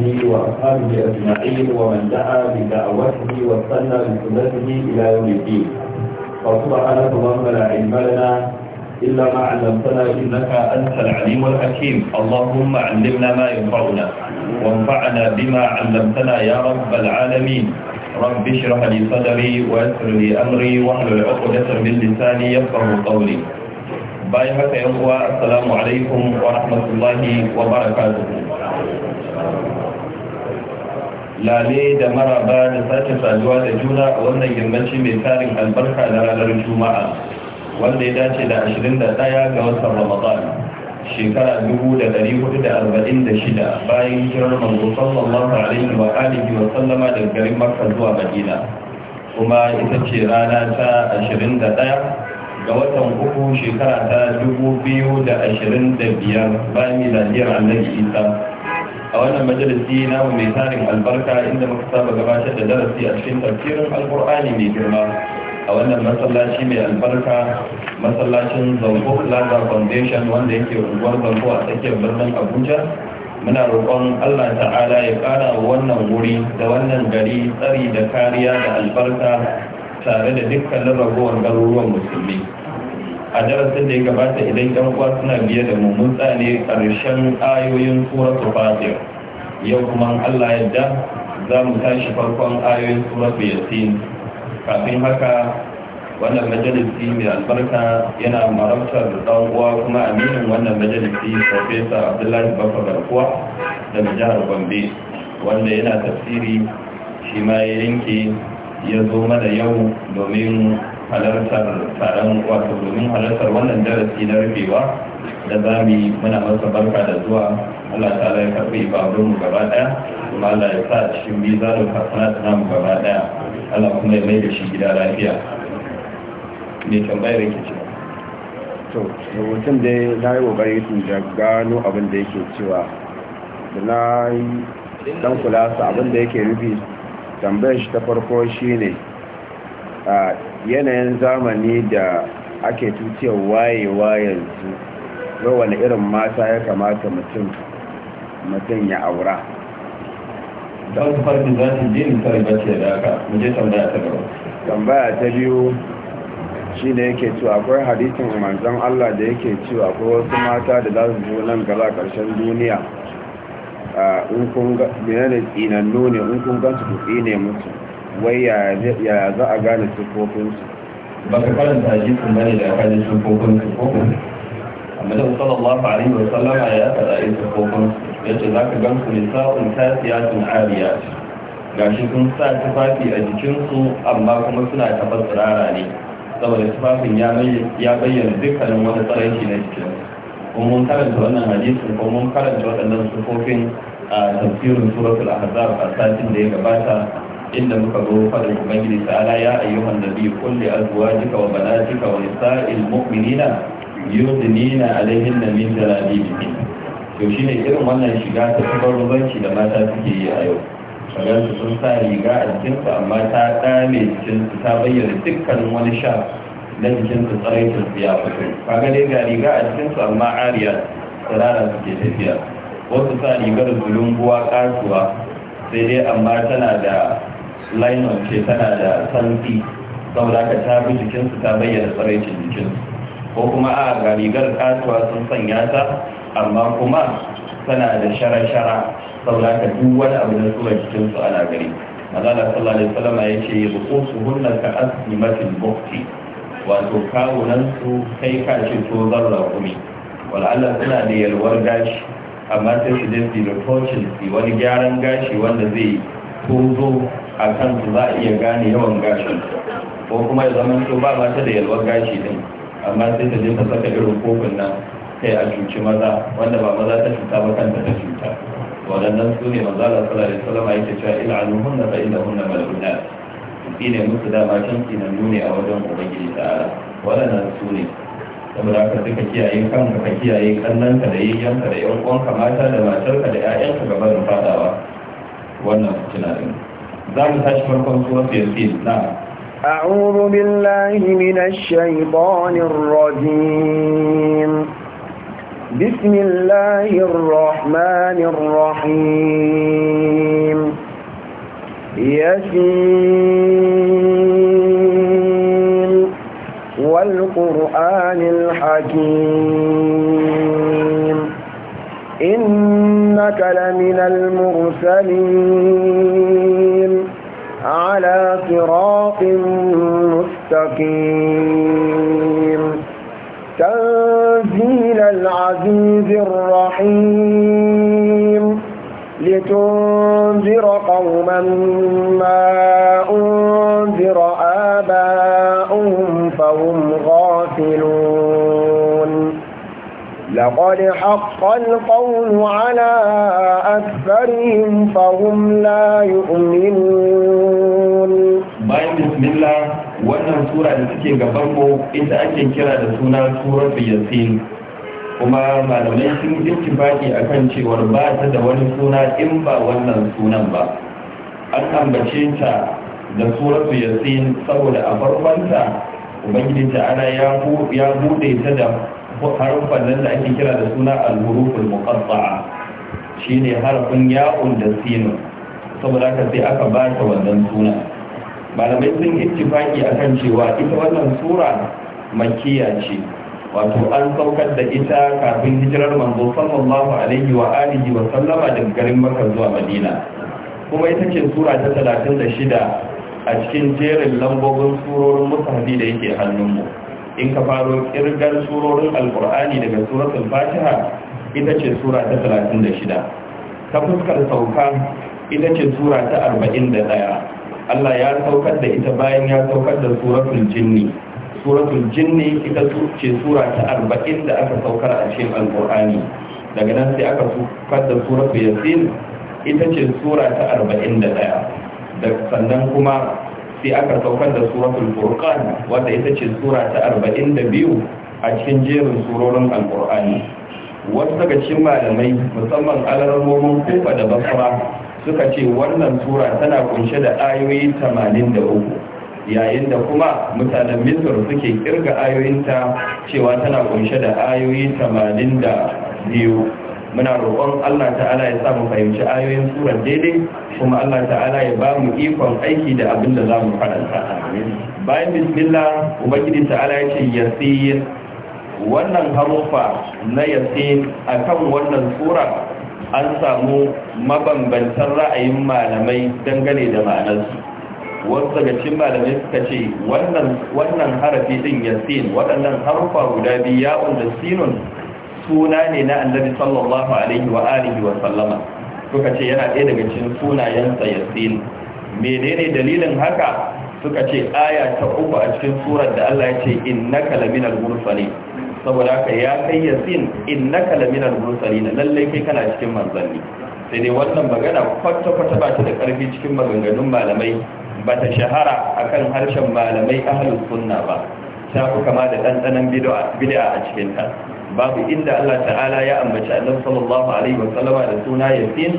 وأصحابه أجمعين ومن دعا بدعوته واستنى بسنته إلى يوم الدين فسبحانك اللهم لا علم لنا إلا ما علمتنا إنك أنت العليم الحكيم اللهم علمنا ما ينفعنا وانفعنا بما علمتنا يا رب العالمين رب اشرح لي صدري ويسر لي أمري واحلل عقدة من لساني يفقه قولي باي حتى يقوى السلام عليكم ورحمة الله وبركاته lale da maraba da sake saduwa da juna a wannan yammaci mai tarin albarka na ranar juma'a wanda ya dace da 21 ga watan ramadan shekara 1446 bayan hijirar manzo sallallahu alaihi wa alihi wa sallama daga garin makka zuwa madina kuma ita ce rana ta 21 ga watan uku shekara ta 2025 bayan miladiyar annabi isa a wannan majalisi namu mai tarin albarka inda muka saba gabatar da darasi a cikin tafsirin alkur'ani mai girma a wannan masallaci mai albarka masallacin zango plaza foundation wanda yake unguwar zango a tsakiyar birnin abuja muna roƙon allah ta'ala ya ƙara wannan wuri da wannan gari tsari da kariya da albarka tare da dukkanin ragowar garuruwan musulmi a darasin da ya gabata idan yan uwa suna biye da mu tsane karshen ayoyin suratul fatir yau kuma Allah yadda za mu tashi farkon ayoyin suratul yasin kafin haka wannan majalisi mai albarka yana marabtar da ɗan uwa kuma aminin wannan majalisi profesa abdullahi bafa garkuwa daga jihar gombe wanda yana tafsiri shi ma ya yanke ya zo mana yau domin halartar taron wato domin halartar wannan darasi na rufewa da za mu yi muna masa barka da zuwa Allah ta ya karɓi babun mu gaba ɗaya kuma Allah ya sa cikin mizanin hasana ta namu gaba ɗaya Allah kuma ya mai da shi gida lafiya me tambayar yake ce to rubutun dai na yi kokari su da gano abin da yake cewa da na yi dan su abin da yake rufi tambayar shi ta farko shi ne. yanayin zamani da ake tuciyar wayewa yanzu wani irin mata ya kamata mutum mutum ya aura da wasu farkin za su jini misali da ce da aka muje tambaya ta gaba tambaya ta biyu shi ne yake cewa akwai hadisin manzon Allah da yake cewa akwai wasu mata da za su zo nan gaba karshen duniya a ah, kun ga ne tsinannu ne in kun su ku tsine mutum wai ya za a gane sufofinsu ba ka karanta shi kuma ne da ya gane sufofinsu ko amma da sallallahu alaihi wa sallama ya faɗa yin sufofinsu ya ce za ka gan su nisa'un tasiyatun ariya gashi sun sa tufafi a jikinsu amma kuma suna taɓa tsirara ne saboda tufafin ya bayyana dukkanin wani tsaraici na jikinsu kuma mun karanta wannan hadisin kuma mun karanta waɗannan sufofin a tafsirin suratul ahzab a satin da ya gabata inda muka zo fadin ubangiji ta'ala ya ayyuhan nabi kulli azwajika wa banatika wa nisa'il mu'minina yudnina alaihinna min jalabibihin to shine irin wannan shiga ta tabarrubanci da mata suke yi a yau kaga su sun sa riga a jikinsu amma ta dame jikinsu ta bayyana dukkanin wani sha na jikinsu tsaraitin su ya fito kaga dai ga riga a jikinsu amma ariya tsirara suke tafiya wasu sa rigar zulunguwa kasuwa sai dai amma tana da lion ce tana da santsi saboda ka ta bi jikinsu ta bayyana tsaraicin jikinsu ko kuma a ga rigar kasuwa sun sanya ta amma kuma tana da shara-shara saboda ka duk wani abu da sura jikinsu ana gari mazala sallallahu alaihi wasallam ya ce buqusu hunna ka aslimatil bukti wato kawunan su kai ka ce to zarra kumi wala Allah suna da yalwar gashi amma sai su je su da tocin wani gyaran gashi wanda zai tozo a kansu za a iya gane yawan gashin ko kuma ya zama ba ba ta da yalwar gashi din amma sai ta je ta saka irin kofin nan kai a cuci maza wanda ba maza ta cuta ba kanta ta cuta waɗannan su ne maza da sallallahu alaihi wasallam yake cewa il'anu hunna ba ila hunna mal'unat shi ne musu dama can kinan nune a wajen ubangiji ta'ala waɗannan su ne saboda haka suka kiyaye kanka ka kiyaye ka da yayyanka da yan uwanka mata da matarka da 'ya'yanka barin fadawa wannan fitina din أعوذ بالله من الشيطان الرجيم بسم الله الرحمن الرحيم يسين والقرآن الحكيم إنك لمن المرسلين على صراط مستقيم تنزيل العزيز الرحيم لتنذر قوما ما أنذر آباؤهم فهم غافلون لقد حق القول على أكثرهم فهم لا يؤمنون bayan bismillah wannan sura da suke gaban mu ita ake kira da suna surar yasin kuma malamai sun a kan cewar ba ta da wani suna in ba wannan sunan ba an ambace ta da suratu yasin saboda a farkonta ubangiji ta ana ya buɗe ta da harufan nan da ake kira da suna al-huruful muqatta'a shine harafin ya'un da sinu. saboda haka sai aka ba ta wannan suna malamai sun ittifaki akan cewa ita wannan sura makiya ce wato an saukar da ita kafin hijirar manzo sallallahu alaihi wa alihi wa sallama daga garin Makka zuwa Madina kuma ita ce sura ta 36 a cikin jerin lambobin surorin musahadi da yake hannunmu mu in ka faro kirgar surorin alkur'ani daga suratul fatiha ita ce sura ta 36 ta fuskar sauka ita ce sura ta 41 Allah ya saukar da ita bayan ya saukar da suratul jinni suratul jinni ita ce sura ta 40 da aka saukar a cikin alkur'ani daga nan sai aka saukar da suratul yasin ita ce sura ta 41 da sannan kuma sai aka saukar da suratul furqan wanda ita ce sura ta 42 a cikin jerin surorin alqur'ani wasu daga cikin malamai musamman alarmomin kufa da basra suka ce wannan sura tana kunshe da ayoyi 83 yayin da kuma mutanen misir suke kirga ayoyinta cewa tana kunshe da ayoyi 82 muna roƙon Allah ta'ala ya sa mu fahimci ayoyin surar daidai kuma Allah ta'ala ya ba mu ikon aiki da abin da za mu karanta bayan bismillah ubangiji ta'ala ya ce yasir wannan harufa na yasir akan wannan sura an samu mabambantan ra'ayin malamai dangane da ma'anarsu wasu daga malamai suka ce wannan harafi ɗin yasin waɗannan harufa guda biyu ya'un da sinun suna ne na annabi sallallahu alaihi wa alihi wa sallama suka ce yana ɗaya daga cikin sunayensa yasin menene dalilin haka suka ce aya ta uku a cikin surar da Allah ya ce innaka laminal mursalin saboda haka ya kai yasin innaka laminal mursalin lallai kai kana cikin manzanni sai dai wannan magana kwata-kwata ba ta da karfi cikin maganganun malamai ba ta shahara akan harshen malamai ahlus sunna ba ta fi kama da ɗanɗanon bid'a a cikin ta babu inda Allah ta'ala ya ambaci annabi sallallahu alaihi wa sallama da suna yasin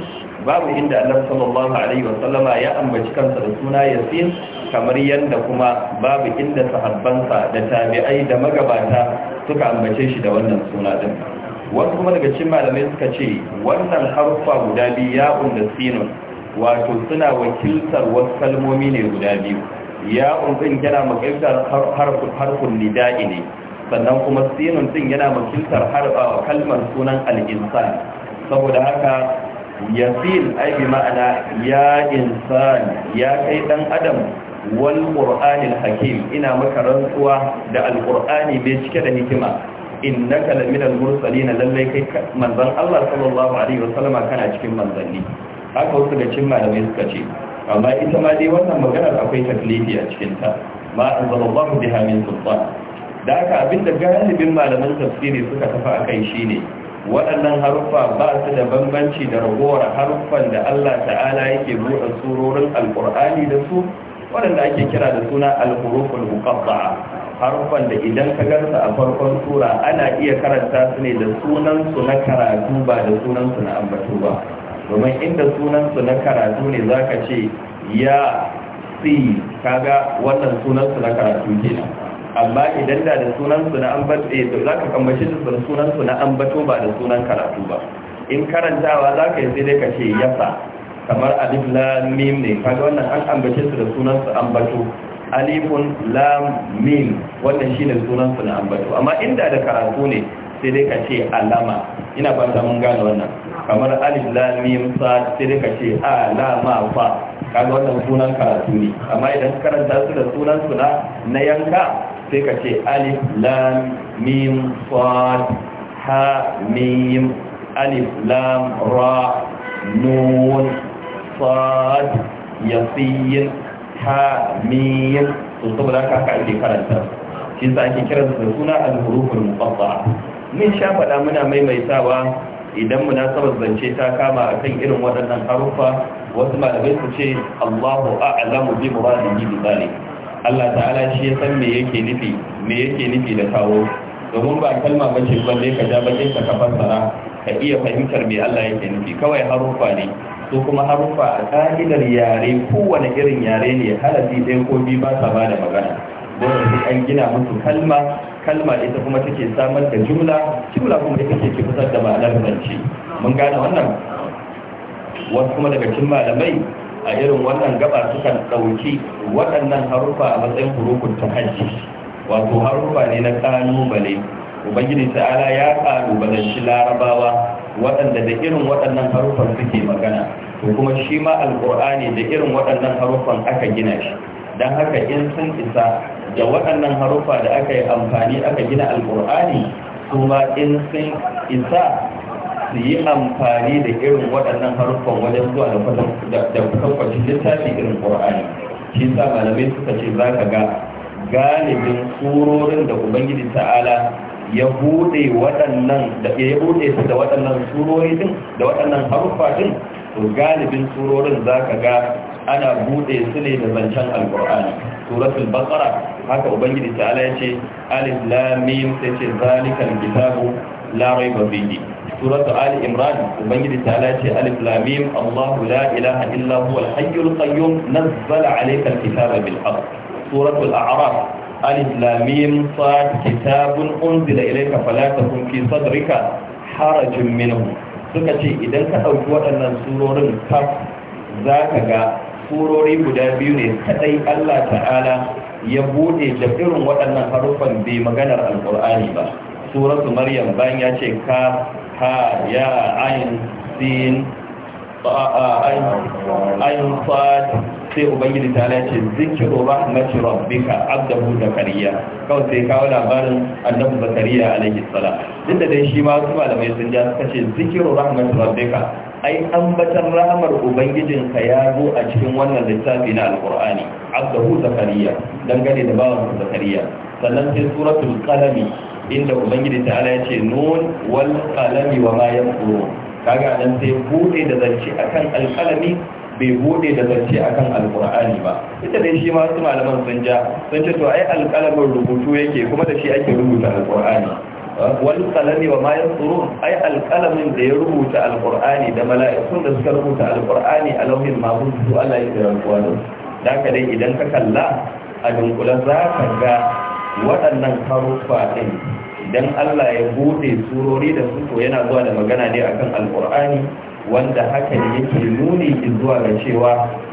babu inda annabi sallallahu alaihi wa sallama ya ambaci kansa da suna yasin kamar yanda kuma babu inda sahabbansa da tabi'ai da magabata suka ambace shi da wannan suna din wasu kuma daga cikin malamai suka ce wannan harfa guda biyu ya da sinun wato suna wakiltar wasu kalmomi ne guda biyu ya din yana wakiltar harfin nida'i ne sannan kuma sinun din yana wakiltar harbawa kalmar sunan al'insan. saboda haka yasin ai bi ma'ana ya insan ya kai dan adam wal qur'anil hakim ina maka rantsuwa da alƙur'ani qurani bai cike da hikima innaka mursali na lallai kai manzon Allah sallallahu alaihi wasallama kana cikin manzanni haka wasu da cin malamai suka ce amma ita ma dai wannan maganar akwai taklifi a cikin ta ma anzalallahu biha min sultan da haka abinda galibin malaman tafsiri suka tafi a kai shi ne waɗannan haruffa ba su da bambanci da ragowar haruffan da Allah ta'ala yake buɗe surorin alƙur'ani da su waɗanda ake kira da suna alƙurufin mukabba haruffan da idan ka garsa a farkon tura ana iya karanta su ne da sunan su na karatu ba da sunan su na ambatu ba domin inda sunan su na karatu ne zaka ce ya si kaga wannan sunan su na karatu kenan amma idan da da sunansu na ambato eh to zaka kambace su da sunansu na ambato ba da sunan karatu ba in karantawa zaka yi sai dai ka ce yasa kamar alif lam mim ne kaga wannan an ambace su da sunansu ambato alifun lam mim wannan shine sunansu na ambato amma inda da karatu ne sai dai ka ce alama ina fata mun gane wannan kamar alif lam mim sa sai dai ka ce alama fa kaga wannan sunan karatu ne amma idan karanta su da sunan suna na yanka sai ka ce alif lam mim sad ha mim alif lam ra nun sad yasin ha mim to saboda haka ake karanta shi sa ake kiransu da suna al-huruful muqatta'a mun sha faɗa muna maimaitawa idan munasabar zance ta kama akan irin waɗannan haruffa wasu malamai su ce Allahu a'lamu bi muradihi bi zalik Allah ta'ala shi ya san me yake nufi me yake nufi da kawo domin ba kalma bace balle ka ja bakin ka kafa fassara ka iya fahimtar me Allah yake nufi kawai harufa ne su kuma harufa a ka'idar yare kowane irin yare ne halafi ɗaya ko biyu ba sa ba da magana don sai an gina musu kalma kalma ita kuma take samar da jumla jumla kuma ita take fitar da ma'anar zance mun gane wannan wasu kuma daga cikin malamai a irin wannan gaba sukan ɗauki waɗannan harufa a matsayin hurufun ta hajji wato harufa ne na ƙalubale ubangiji ta'ala ya shi larabawa waɗanda da irin waɗannan harufan suke magana to kuma shi ma alƙur'ani da irin waɗannan harufan aka gina shi don haka in sun isa da waɗannan harufa da aka yi amfani aka gina alƙur'ani kuma in sun isa su yi amfani da irin waɗannan haruffan wajen zuwa da kwatankwacin littafi irin ƙur'ani shi sa malamai suka ce za ka ga galibin surorin da ubangiji ta'ala ya buɗe waɗannan da ya buɗe su da waɗannan surori din da waɗannan haruffa din to galibin surorin za ka ga ana buɗe su ne da zancen alƙur'ani suratul baqara haka ubangiji ta'ala ya ce alif lam mim sai ce zalikal kitabu la raiba fihi suratu ali imran ubangiji ta lace alif lam Allahu la ilaha illa huwa al hayyul qayyum nazzala alayka al kitaba bil haqq suratu al a'raf alif lam mim sad kitabun unzila ilayka fala takun fi sadrika harajun minhu suka ce idan ka dauki waɗannan surorin kaf zaka ga surori guda biyu ne kadai Allah ta'ala ya bude da irin waɗannan haruffan bai maganar alkur'ani ba suratu maryam bayan ya ce ka ha ya ayin sin ayin sad sai ubangiji ta lace zikiru rahmatu rabbika abdahu zakariya kawai sai kawo labarin annabi zakariya alaihi salam duk da dai shi ma su malamai sun ja suka ce zikiro zikiru rahmatu rabbika ai ambatar rahmar ka ya zo a cikin wannan littafi na alqur'ani abdahu zakariya dangane da bawan zakariya sannan sai suratul qalami inda ubangiji ta ala ya ce nun wal qalami wa ma yaqulu kaga nan sai bude da zance akan alqalami bai bude da zance akan alqur'ani ba ita dai shi ma su malaman sun ja sun ce to ai alqalamin rubutu yake kuma da shi ake rubuta alqur'ani wal qalami wa ma yaqulu ai alqalamin da ya rubuta alqur'ani da mala'ikun da suka rubuta alqur'ani a lauhin mahfuz Allah ya yi da alqur'ani da dai idan ka kalla a dunkulan za ka ga waɗannan haruffa ɗin idan Allah ya buɗe surori da su yana zuwa da magana ne akan alƙur'ani wanda haka ne yake nuni zuwa ga cewa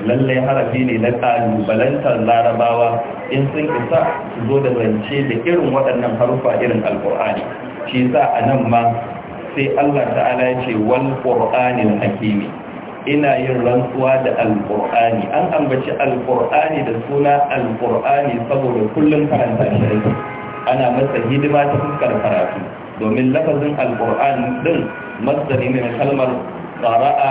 lallai harafi ne na ƙalubalantar larabawa in sun isa su zo da zance da irin waɗannan haruffa irin alƙur'ani shi za a nan ma sai Allah ta'ala ya ce wal ƙur'anin hakimi ina yin rantsuwa da alƙur'ani an ambaci alkur'ani da suna alƙur'ani saboda kullum karanta shi ana masa hidima ta fuskar karatu domin lafazin alkur'ani din masdari ne na kalmar qara'a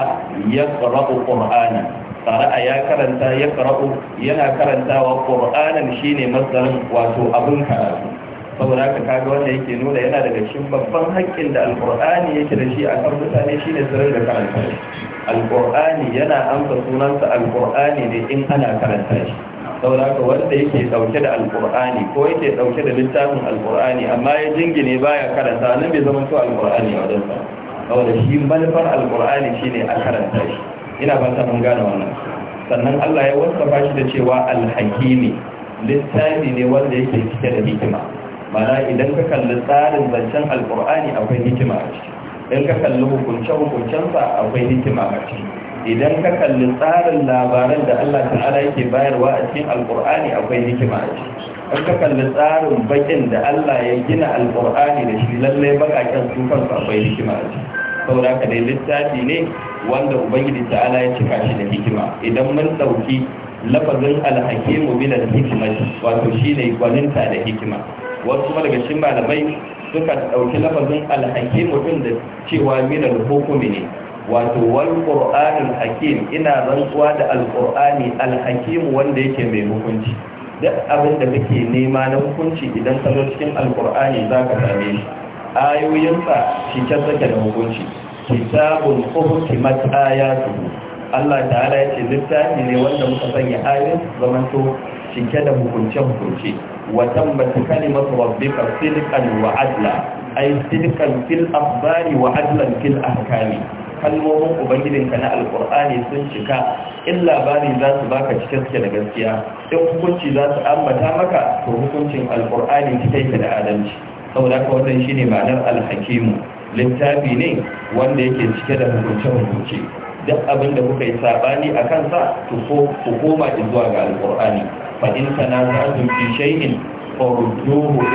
yaqra'u qur'ana qara'a ya karanta yaqra'u yana karantawa qur'anan shine masdarin wato abun karatu saboda haka kaga wanda yake nuna yana daga cikin babban haƙƙin da alƙur'ani yake da shi akan mutane shine sirrin da karanta shi alƙur'ani yana amsa sunansa alƙur'ani ne in ana karanta shi sauraka wanda yake ɗauke da alƙur'ani ko yake ɗauke da littafin alƙur'ani amma ya jingine baya karanta nan bai zama to alƙur'ani a wajensa saboda shi manufar alƙur'ani shine a karanta shi ina fata mun gane wannan sannan Allah ya wasafa shi da cewa alhakimi littafi ne wanda yake cike da hikima mana idan ka kalli tsarin zancen alƙur'ani akwai hikima a ciki in ka kalli hukunce-hukuncensa akwai hikima a ciki idan ka kalli tsarin labaran da Allah ta'ala yake bayarwa a cikin alkur'ani akwai hikima a ciki in ka kalli tsarin bakin da Allah ya gina alkur'ani da shi lallai bakaken su kansu akwai hikima a ciki saboda haka dai littafi ne wanda ubangiji ta'ala ya cika shi da hikima idan mun ɗauki lafazin alhakimu bilal hikima wato shine gwaninta da hikima wasu kuma daga cikin malamai suka ɗauki lafazin alhaki din da cewa minar hukumi ne wato wal qur'anul hakim ina rantsuwa da alqur'ani alhakim wanda yake mai hukunci duk abin da kake nema na hukunci idan ka zo cikin alqur'ani zaka same shi ayoyinsa cike suke da hukunci kitabun hukimat ayatuhu Allah ta'ala ya ce littafi ne wanda muka sanya ayoyin to cike da hukunce hukunci, wa bata kalimatu rabbika silkan wa adla ay silkan fil akhbari wa adlan fil ahkami kalmomin ubangijinka na alkur'ani sun cika in labari za su baka cikin suke da gaskiya in hukunci za su ambata maka to hukuncin alkur'ani cike da adalci saboda ka wannan shine ma'anar alhakimu littafi ne wanda yake cike da hukunce-hukunce duk abin da kuka yi sabani a kansa to ko hukuma zuwa ga alkur'ani فإن تنازعتم في شيء da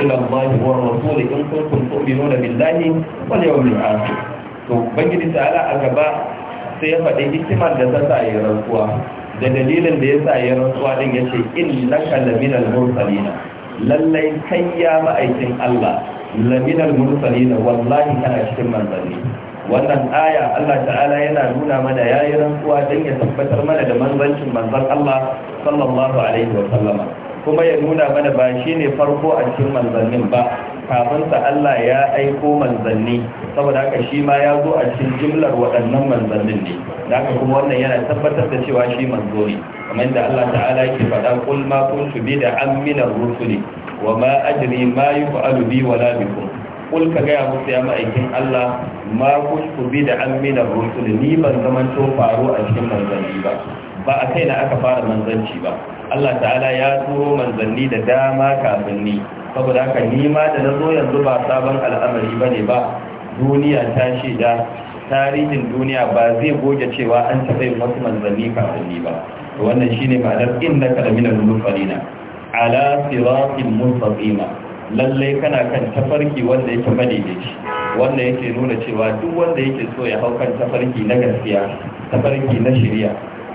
إلى الله والرسول da كنتم تؤمنون بالله واليوم الآخر to bangidi ta'ala a gaba sai ya faɗi hikimar da ta sa da dalilin da ya sa ya rantsuwa din ya ce in laka laminal na. lallai kai ya ma'aikin Allah laminal mursalina wallahi kana cikin manzanni wannan aya Allah ta'ala yana nuna mana yayi rantsuwa don ya tabbatar mana da manzancin manzon Allah sallallahu alaihi wa sallama kuma ya nuna mana ba shine farko a cikin manzannin ba kafinsa Allah ya aiko manzanni saboda haka shi ma ya zo a cikin jimlar waɗannan manzannin ne da haka kuma wannan yana tabbatar da cewa shi manzo ne kamar da Allah ta'ala yake faɗa kul ma kuntu bi da an rusuli wa ma ajri ma yuf'alu bi wala bikum Kulka gaya musu ya ma'aikin Allah ma kushku bi da an mina rusul ni ban zaman to faro a cikin manzanni ba ba a kai na aka fara manzanci ba Allah ta'ala ya turo manzanni da dama kafin ni saboda haka ni ma da na zo yanzu ba sabon al'amari ba ne ba duniya ta shaida tarihin duniya ba zai goge cewa an taɓa yin wasu manzanni kafin ni ba wannan shine ma'anar innaka lamina al-mursalina ala siratin mustaqima lallai kana kan tafarki wanda yake madaidaici wanda yake nuna cewa duk wanda yake so ya hau kan tafarki na gaskiya tafarki na shirya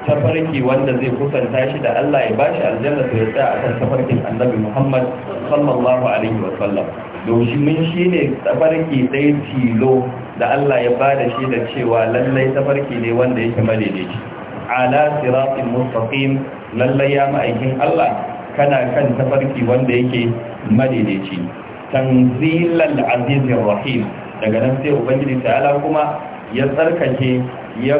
tafarki wanda zai kusanta shi da Allah ya bashi aljanna sai ya tsaya akan tafarkin Annabi Muhammad sallallahu alaihi wa sallam domin shine tafarki dai tilo da Allah ya bada shi da cewa lallai tafarki ne wanda yake madaidaici ala siratin mustaqim lallai ya ma'aikin Allah kana kan tafarki wanda yake madaidaici tanzilal azizir rahim daga nan sai ubangiji ta'ala kuma ya tsarkake ya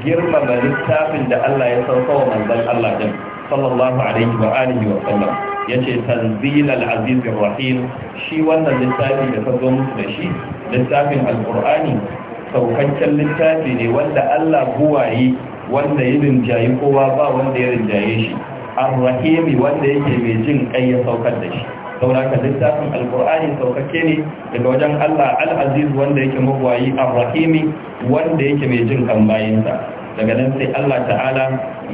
girmama littafin da Allah ya sauka wa manzon Allah din sallallahu alaihi wa alihi wa sallam yace tanzilal azizir rahim shi wannan littafi da ka musu da shi littafin alqur'ani saukakken littafi ne wanda Allah buwayi wanda ya rinjayi kowa ba wanda ya rinjaye shi ar wanda yake mai jin kai ya saukar da shi sauraka littafin alkur'ani saukake ne daga wajen Allah al wanda yake magwayi ar wanda yake mai jin kan bayinsa daga nan sai Allah ta'ala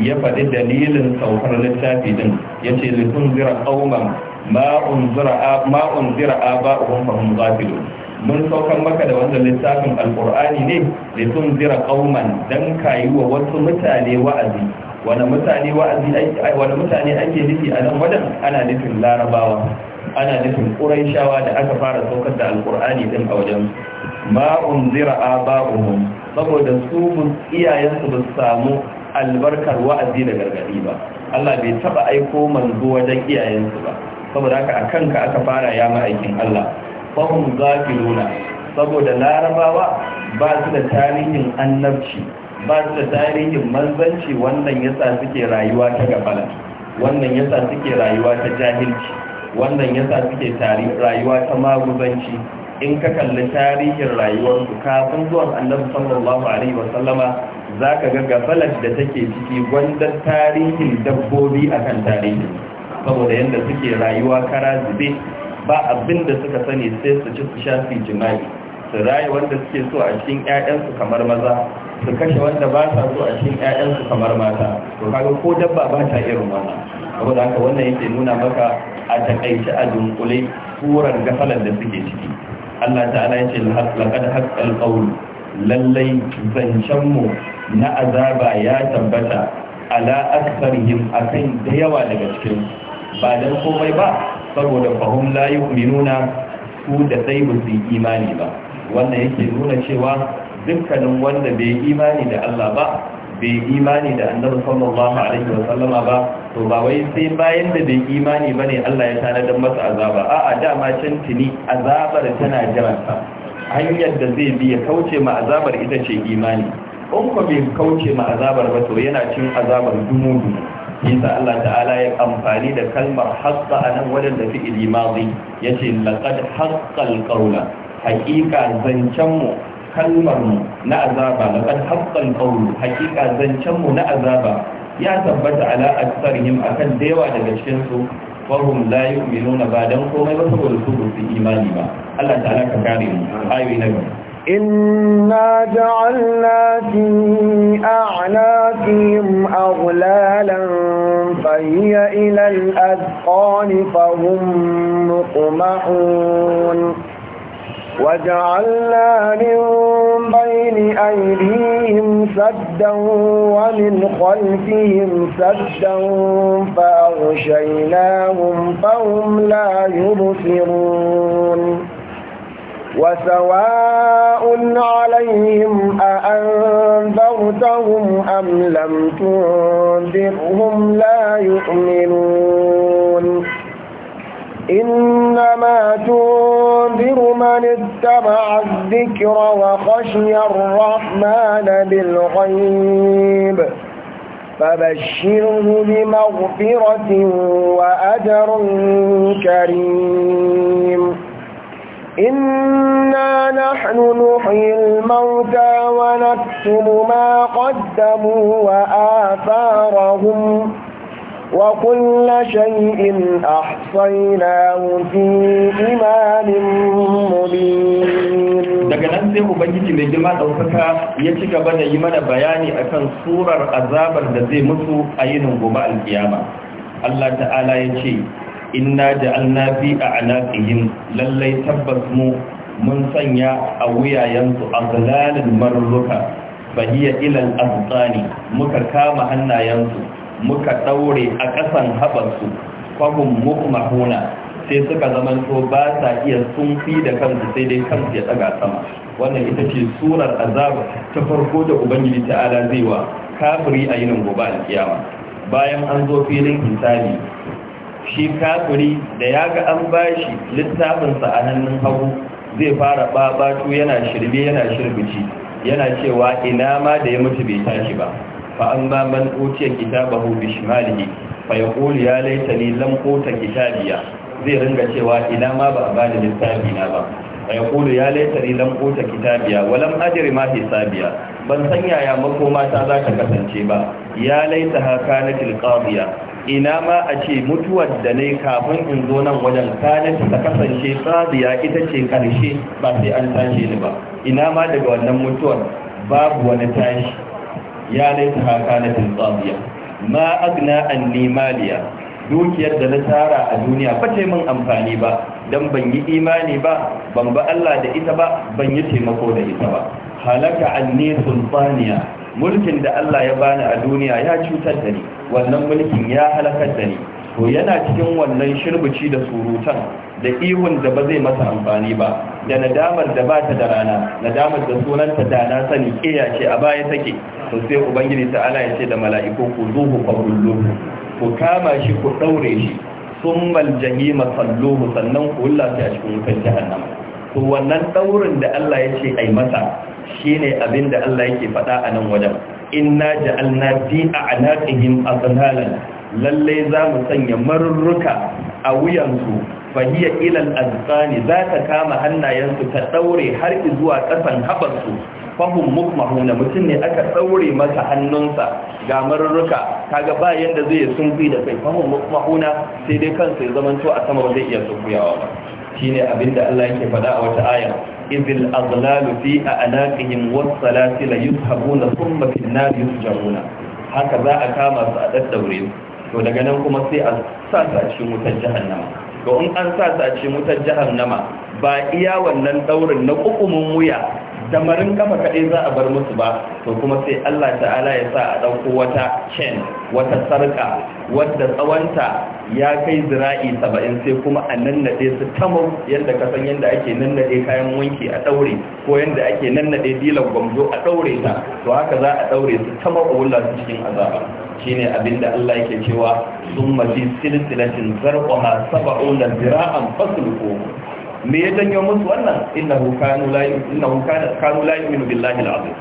ya faɗi dalilin saukar littafi din Ya ce litun zira ƙauman ma'un zira A unzira aba'uhum fa hum mun saukan maka da wannan littafin alkur'ani ne litun zira ƙauman dan kayi wa wasu mutane wa'azi wani mutane mutane ake nufi a nan wajen ana nufin larabawa ana nufin ƙuraishawa da aka fara saukar da alƙur'ani din a wajen ma unzira aba'uhum saboda su iyayensu ba su samu albarkar wa'azi da gargadi ba Allah bai taba aiko manzo wajen iyayensu ba saboda haka akan ka aka fara ya ma'aikin Allah fahum gafiluna saboda larabawa ba su da tarihin annabci ba su da tarihin manzanci wannan sa suke rayuwa ta gabala wannan sa suke rayuwa ta jahilci wannan sa suke rayuwa ta maguzanci in ka kalli tarihin rayuwarsu kafin zuwan annabi sallallahu alaihi sallama, za ka ga gafalar da take ciki wanda tarihin dabbobi akan tarihin saboda yadda suke rayuwa kara zube ba abin da suka sani sai su ci su sha su jima'i su raye wanda suke so a cikin ƴaƴansu kamar maza su kashe wanda ba sa so a cikin 'ya'yansu kamar mata to kaga ko dabba ba ta irin wannan saboda haka wannan yake nuna maka a takaice a dunkule turan gafalar da suke ciki Allah ta'ala ya ce laqad haqqal qawl lallai zancen mu na azaba ya tabbata ala aktharihim akan da yawa daga cikin ba dan komai ba saboda fahum la yu'minuna su da sai ba imani ba wannan yake nuna cewa dukkanin wanda bai imani da Allah ba bai imani da annabi sallallahu alaihi wa sallama ba to ba wai sai bayan da bai imani bane Allah ya tanadar masa azaba a'a dama can tuni azabar tana jiransa hanyar da zai bi ya kauce ma azabar ita ce imani in ko bai kauce ma azabar ba to yana cin azabar dumudu yasa Allah ta'ala ya amfani da kalmar haqqa anan wajen da fi'ili yace laqad haqqal qawla hakika zancenmu kalmarmu na azaba laqad haqqal qawlu hakika zancenmu na azaba ya tabbata ala aktsarihim akan da yawa daga cikin su fahum la yu'minuna ba dan komai ba saboda su su imani ba Allah ta'ala ka kare mu ayoyi na gaba inna ja'alna fi a'naqihim aghlalan fa hiya ila al-azqani fahum muqmahun وجعلنا من بين أيديهم سدا ومن خلفهم سدا فأغشيناهم فهم لا يبصرون وسواء عليهم أأنذرتهم أم لم تنذرهم لا يؤمنون إنما تنذر من اتبع الذكر وخشي الرحمن بالغيب فبشره بمغفرة وأجر كريم إنا نحن نحيي الموتى ونكتب ما قدموا وآثارهم وكل شيء أحصيناه في إمام مبين daga nan sai ubangiji mai girma ɗaukaka ya ci gaba da yi mana bayani akan surar azabar da zai mutu a yinin gobe alkiyama Allah ta'ala ya ce inna ja'alna fi a'naqihim lallai tabbas mu mun sanya a wuyayensu aghlalan marruka fahiya ila al muka kama hannayensu muka daure a ƙasan haɓarsu kwahun mukmahuna sai suka zama to ba sa iya sunfi da kansu sai dai kansu ya tsaga sama wannan ita ce surar azaba ta farko da ubangiji ta Ala zai wa kafiri a yinin gobe kiyama bayan an zo filin hisabi shi kafiri da ya ga an bashi littafinsa a hannun hagu zai fara babatu yana shirme yana shirbici yana cewa ina ma da ya mutu bai tashi ba فأما من أوتي كتابه بشماله فيقول يا ليتني لم أوت kitabiya. zai ringa cewa ina ma ba a bani littafi na ba ya kulu ya laitari lam kota kitabiya walam ajri ma hisabiya ban san yaya makoma ta za ta kasance ba ya laita haka na tilqadiya ina ma a ce mutuwar da ne kafin in zo nan wajen kanin ta kasance qadiya ita ce karshe ba sai an tashi ni ba ina ma daga wannan mutuwar babu wani tashi ya laita haka na tilsabiya ma agna an maliya dukiyar da na tara a duniya ba ta min amfani ba dan ban yi imani ba ban ba Allah da ita ba ban yi taimako da ita ba halaka anni sultaniya mulkin da Allah ya bani a duniya ya cutar da ni wannan mulkin ya halakar da ni to yana cikin wannan shirbici da surutan da ihun da ba zai masa amfani ba da nadamar da ba ta da rana nadamar da sunanta da na sani kiya ce a baya take to sai ubangiji ta ala ya ce da mala'iku ku zuhu fa ku kama shi ku daure shi sun maljahi masalluhu sannan ku wulla shi a cikin wutar jahannama to wannan daurin da Allah ya ce ai masa shine abin da Allah yake faɗa a nan wajen inna ja'alna fi a'naqihim aghlalan lalle za mu sanya marurruka a wuyansu fahiyar ilal azkani za ta kama hannayensu ta ɗaure har zuwa ƙasan habarsu. fahun mukmahuna mutum ne aka ɗaure masa hannunsa ga marurruka kaga ba yanda zai sunfi da kai fahun mukmahuna sai dai kansa ya zamanto a sama ba zai iya sunfiyawa ba shine abinda Allah yake faɗa a wata aya izil azlalu fi a'naqihim was-salati la yuzhabuna thumma fi an-nar yusjaruna haka za a kama su a daddaure su to daga nan kuma sai a sa su a jahannama to in an sa su a cikin wutar jahannama ba iya wannan daurin na kukumin wuya tamarin kafa kaɗai za a bar musu ba to kuma sai Allah ta'ala ya sa a ɗauko wata chain wata sarka wadda tsawonta ya kai zira'i saba'in sai kuma a nannaɗe su tamar yadda ka san yadda ake nannaɗe kayan wanki a ɗaure ko yadda ake nannaɗe dilan gwamzo a ɗaure ta to haka za a ɗaure su tamar a wula su cikin azaba shine da Allah yake cewa sun mafi silsilatin zarƙuha da zira'an ko me ya janyo musu wannan innahu kanu la innahu kanu la yu'minu billahi al-azim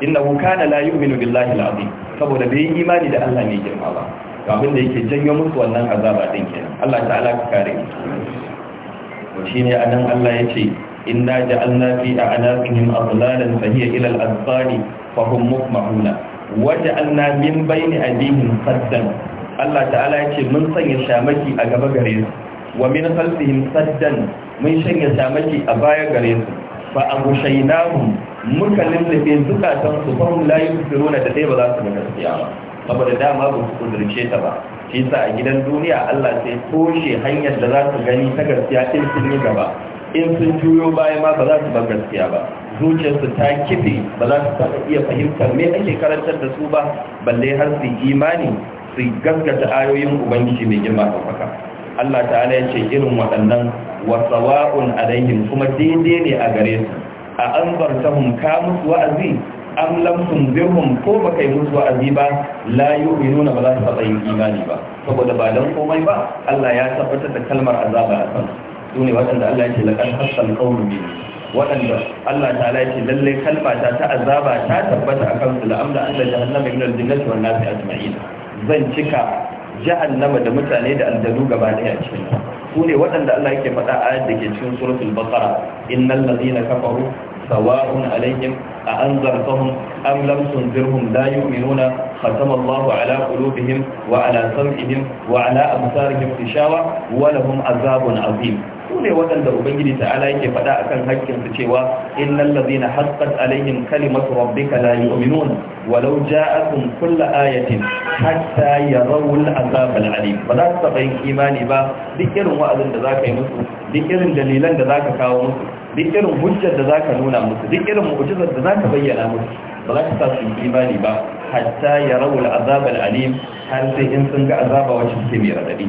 innahu kana la yu'minu billahi al-azim saboda bai imani da Allah ne girma ba abin da yake janyo musu wannan azaba din kenan Allah ta'ala ka kare ni. mu shine anan Allah yace inna ja'alna fi a'naqihim aghlalan fa hiya ila al-azqani fa hum muqmahuna waja'alna min bayni aydihim saddan Allah ta'ala yace mun sanya shamaki a gaba gare su wa min khalfihim saddan mun shanya samaki a baya gare su fa aghshaynahum muka limlife zukatan su fa hum la yusiruna da dai ba za su ga gaskiya ba saboda dama ba su kudurce ta ba shi yasa a gidan duniya Allah sai toshe hanyar da za su gani ta gaskiya in sun yi gaba in sun juyo baya ma ba za su ba gaskiya ba zuciyarsu ta kife ba za su taɓa iya fahimtar me ake karantar da su ba balle har su imani su gaskata ayoyin ubangiji mai girma ɗaukaka Allah ta'ala ya ce irin waɗannan wasawa'un alaihim kuma daidai ne a gare su a an bartahum ka musu wa'azi am lam tunzirhum ko baka yi musu wa'azi ba la nuna ba za su taɓa imani ba saboda ba don komai ba Allah ya tabbatar da kalmar azaba a kan su ne waɗanda Allah ya ce laqad haqqal qawlu bi waɗanda Allah ta'ala ya ce lallai kalma ta ta azaba ta tabbata a akan su da an da jahannama min al-jinnati wan nasi ajma'in zan cika jahannama da mutane da aljanu gaba daya cikin su ne waɗanda Allah yake faɗa a ayat da ke cikin suratul baqara innal ladina kafaru سواء عليهم أأنذرتهم أم لم تنذرهم لا يؤمنون ختم الله ala قلوبهم وعلى سمعهم وعلى أبصارهم غشاوة ولهم Azabun عظيم sune waɗanda ubangiji ta'ala yake faɗa akan hakkin su cewa innal ladina haqqat alaihim kalimatu rabbika la yu'minun walau ja'akum kullu ayatin hatta yarawul azab alalim ba za su taɓa yin imani ba duk irin wa'azin da zaka yi musu duk irin dalilan da zaka kawo musu duk irin hujjar da zaka nuna musu duk irin mu'jizar da zaka bayyana musu ba za ka sa su imani ba hatta ya rawul azab alim har sai in sun ga azaba wacce take mai radadi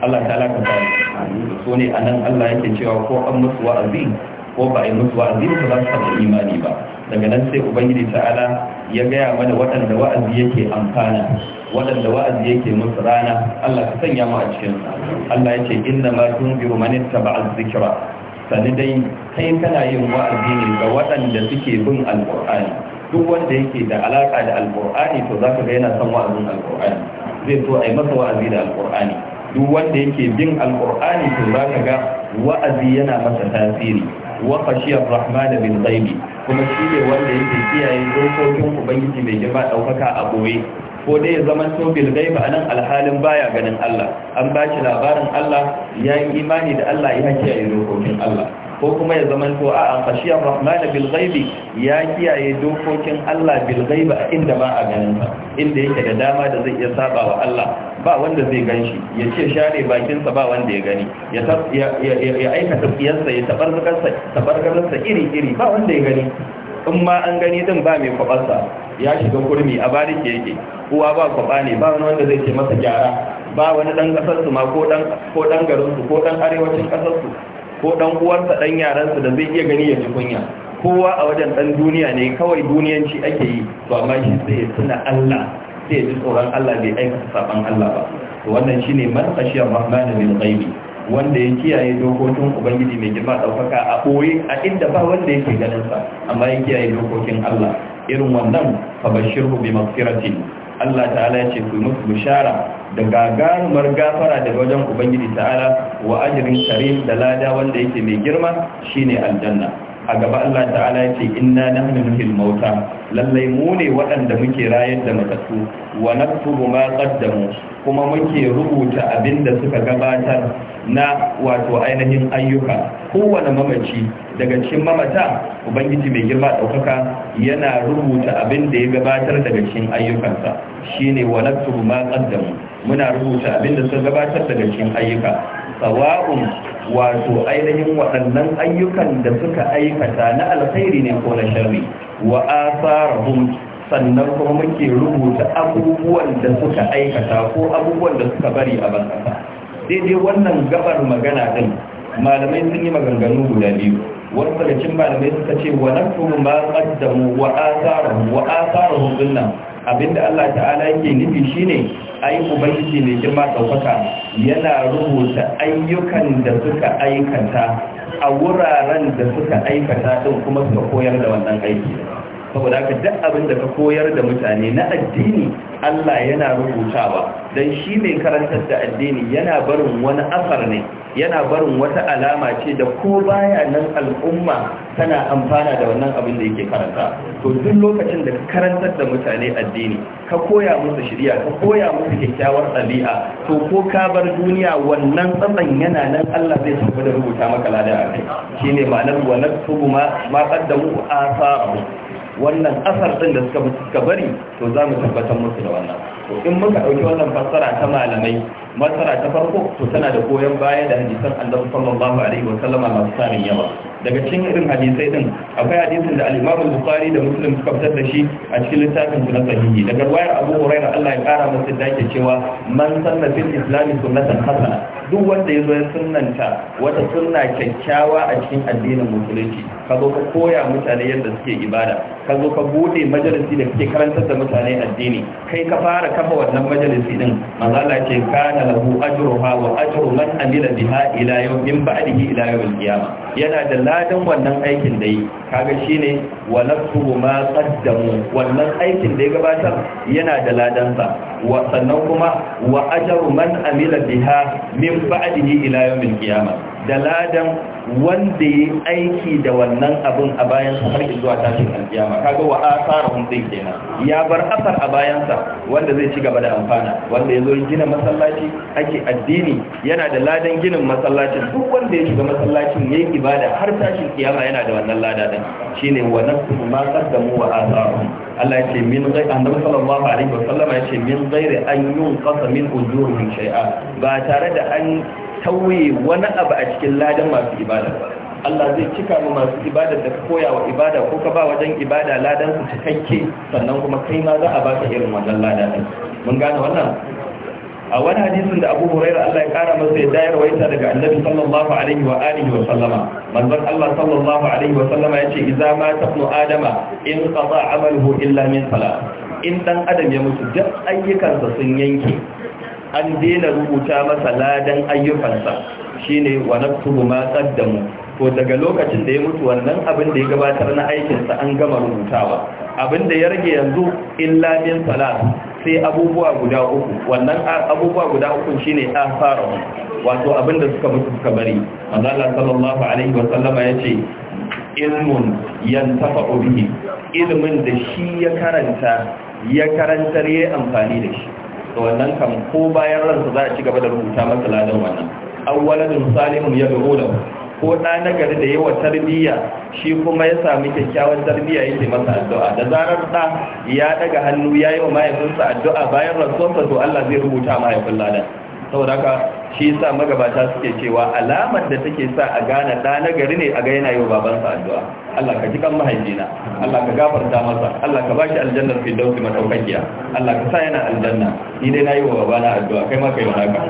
Allah ta'ala ka sa so ne anan Allah yake cewa ko an musu wa'azi ko ba a musu wa'azi ba za su samu imani ba daga nan sai ubangiji ta'ala ya gaya mana waɗanda wa'azi yake amfana waɗanda wa'azi yake musu rana Allah ka sanya mu a cikin Allah ya ce inna ma tunziru man ittaba az-zikra sani dai kai kana yin wa'azi ne ga waɗanda suke bin alƙur'ani duk wanda yake da alaƙa da alƙur'ani to za ka ga yana son wa'azin alƙur'ani zai to a yi masa wa'azi da alƙur'ani duk wanda yake bin alƙur'ani to za ka ga wa'azi yana masa tasiri wa khashiyar rahmana bin ghaibi kuma shi ne wanda yake kiyaye dokokin ubangiji mai girma ɗaukaka a ɓoye ko dai ya zama to a nan alhalin baya ganin Allah an ba shi labarin Allah ya yi imani da Allah ya kiyaye dokokin Allah ko kuma ya zama to a an khashiyar bil ya kiyaye dokokin Allah bil ghaib inda ba a ganin sa inda yake da dama da zai iya saba wa Allah ba wanda zai ganshi ya ce share bakin sa ba wanda ya gani ya ya aikata ya tabarkarsa tabarkarsa iri iri ba wanda ya gani in ma an gani din ba mai kwabarsa ya shiga kurmi a bari ke yake uwa ba kwaba ne ba wani wanda zai ce masa gyara ba wani dan kasar su ma ko dan ko dan garin su ko dan arewacin kasar su ko dan uwarsa dan yaran su da zai iya gani ya ji kunya kowa a wajen dan duniya ne kawai duniyanci ake yi to amma shi sai tuna Allah sai ya ji tsoron Allah bai aika saban Allah ba to wannan shine man khashiyar rahmanin bil ghaibi wanda ya kiyaye dokokin ubangiji mai girma daukaka a boye a inda ba wanda yake ganinsa amma ya kiyaye dokokin Allah irin wannan fabashirhu bi maghfirati Allah ta'ala ya ce ku musu bishara da gagarumar gafara daga wajen ubangiji ta'ala wa ajrin karim da lada wanda yake mai girma shine aljanna a gaba Allah ta'ala ya ce inna nahnu nuhil mauta lallai mu ne waɗanda muke rayar da matattu wa naktubu ma qaddamu kuma muke rubuta abin da suka gabatar na wato ainihin ayyuka kowane mamaci daga cikin mamata ubangiji mai girma ɗaukaka yana rubuta abin da ya gabatar daga cikin ayyukansa shine walattu ma qaddam muna rubuta abin da sun gabatar daga cikin ayyuka sawa'un wato ainihin waɗannan ayyukan da suka aikata na alkhairi ne ko na sharri wa asarhum sannan kuma muke rubuta abubuwan da suka aikata ko abubuwan da suka bari a bankasa daidai wannan gabar magana din malamai sun yi maganganu guda biyu wani kwalacin malamai suka ce wa naktubu ba qaddamu wa atharuhum wa atharuhum dinnan abinda Allah ta'ala yake nufi shine ayi ubangiji mai girma daukaka yana rubuta ayyukan da suka aikata a wuraren da suka aikata din kuma suka koyar da wannan aiki saboda ka duk abin da ka koyar da mutane na addini Allah yana rubutawa dan shi mai karantar da addini yana barin wani afar ne yana barin wata alama ce da ko baya nan al'umma tana amfana da wannan abin da yake karanta to duk lokacin da ka karantar da mutane addini ka koya musu shirya, ka koya musu kyakkyawar ɗabi'a to ko ka bar duniya wannan tsatsan yana nan Allah zai saba da rubuta maka ladan akai shine ma'anar wa naktubu ma ma qaddamu asaru wannan asar din da suka bari to za mu tabbatar musu da wannan to in muka ɗauki wannan fassara ta malamai masara ta farko to tana da goyon baya da hadisan Allah sallallahu alaihi wa sallama masu samun yawa daga cikin irin hadisai din akwai hadisin da al-Imam bukhari da Muslim suka fitar da shi a cikin littafin su na sahihi daga riwayar Abu Hurairah Allah ya kara masa dace cewa man sanna fil islam sunnatan hasana duk wanda yazo ya sunnanta wata sunna kyakkyawa a cikin addinin musulunci ka zo ka koya mutane yadda suke ibada ka zo ka bude majalisi da kake karantar da mutane addini kai ka fara kafa wannan majalisi din manzo Allah ya ce kana lahu ajruha wa ajru man amila biha ila yawmin ba'dihi ila yawmil qiyamah yana da ladan wannan aikin da yi kaga shine walaktu ma qaddamu wannan aikin dai gabatar yana da ladan sa wa sannan kuma wa ajru man amila biha min ba'dihi ila yawmil qiyamah da ladan wanda ya aiki da wannan abin a bayansa har zuwa tashin aljiyama kaga wa asarun zai kenan ya bar asar a bayansa wanda zai ci gaba da amfana wanda ya zo gina masallaci ake addini yana da ladan ginin masallacin duk wanda ya shiga masallacin yayi ibada har tashin kiyama yana da wannan lada din shine wa nafsu ma qaddamu wa asarun Allah ya ce min gai annabi sallallahu alaihi wasallam ya ce min ghairi an yunqasa min ujurihim shay'a ba tare da an tauye wani abu a cikin ladan masu ibada Allah zai cika mu masu ibada da ka koya wa ibada ko ka ba wajen ibada ladan su cikakke sannan kuma kai ma za a baka irin wannan ladan din mun gane wannan a wani hadisin da Abu Hurairah Allah ya kara masa ya dayar waita daga Annabi sallallahu alaihi wa alihi wa sallama manzon Allah sallallahu alaihi wa sallama yace idza mata ibnu adama in qada amaluhu illa min salat in dan adam ya mutu duk ayyukansa sun yanke an daina rubuta masa ladan ayyukansa shine wa naktubu ma qaddamu to daga lokacin da ya mutu wannan abin da ya gabatar na aikinsa an gama rubutawa abin da ya rage yanzu illa min salat sai abubuwa guda uku wannan abubuwa guda uku shine asaru wato abin da suka mutu suka bari Allah sallallahu alaihi wa sallama yace ilmun yantafa'u bihi ilmin da shi ya karanta ya karantar ya amfani da shi to wannan kam ko bayan ransa za a ci gaba da rubuta masa ladan wannan awwaladun Salimun ya gabo da ko na gari da yawa tarbiyya shi kuma ya sami kyakkyawan tarbiyya yake masa addu'a da zarar da ya daga hannu ya yi wa mahaifinsa addu'a bayan rasuwarsa to Allah zai rubuta mahaifin ladan saboda haka shi yasa magabata suke cewa alamar da take sa a gane da na gari ne a ga yana yi baban babansa addu'a Allah ka ji kan mahaifina Allah ka gafarta masa Allah ka bashi fi dawsi matawakkiya Allah ka sa yana aljanna ni dai na yi wa babana addu'a kai ma kai wa haka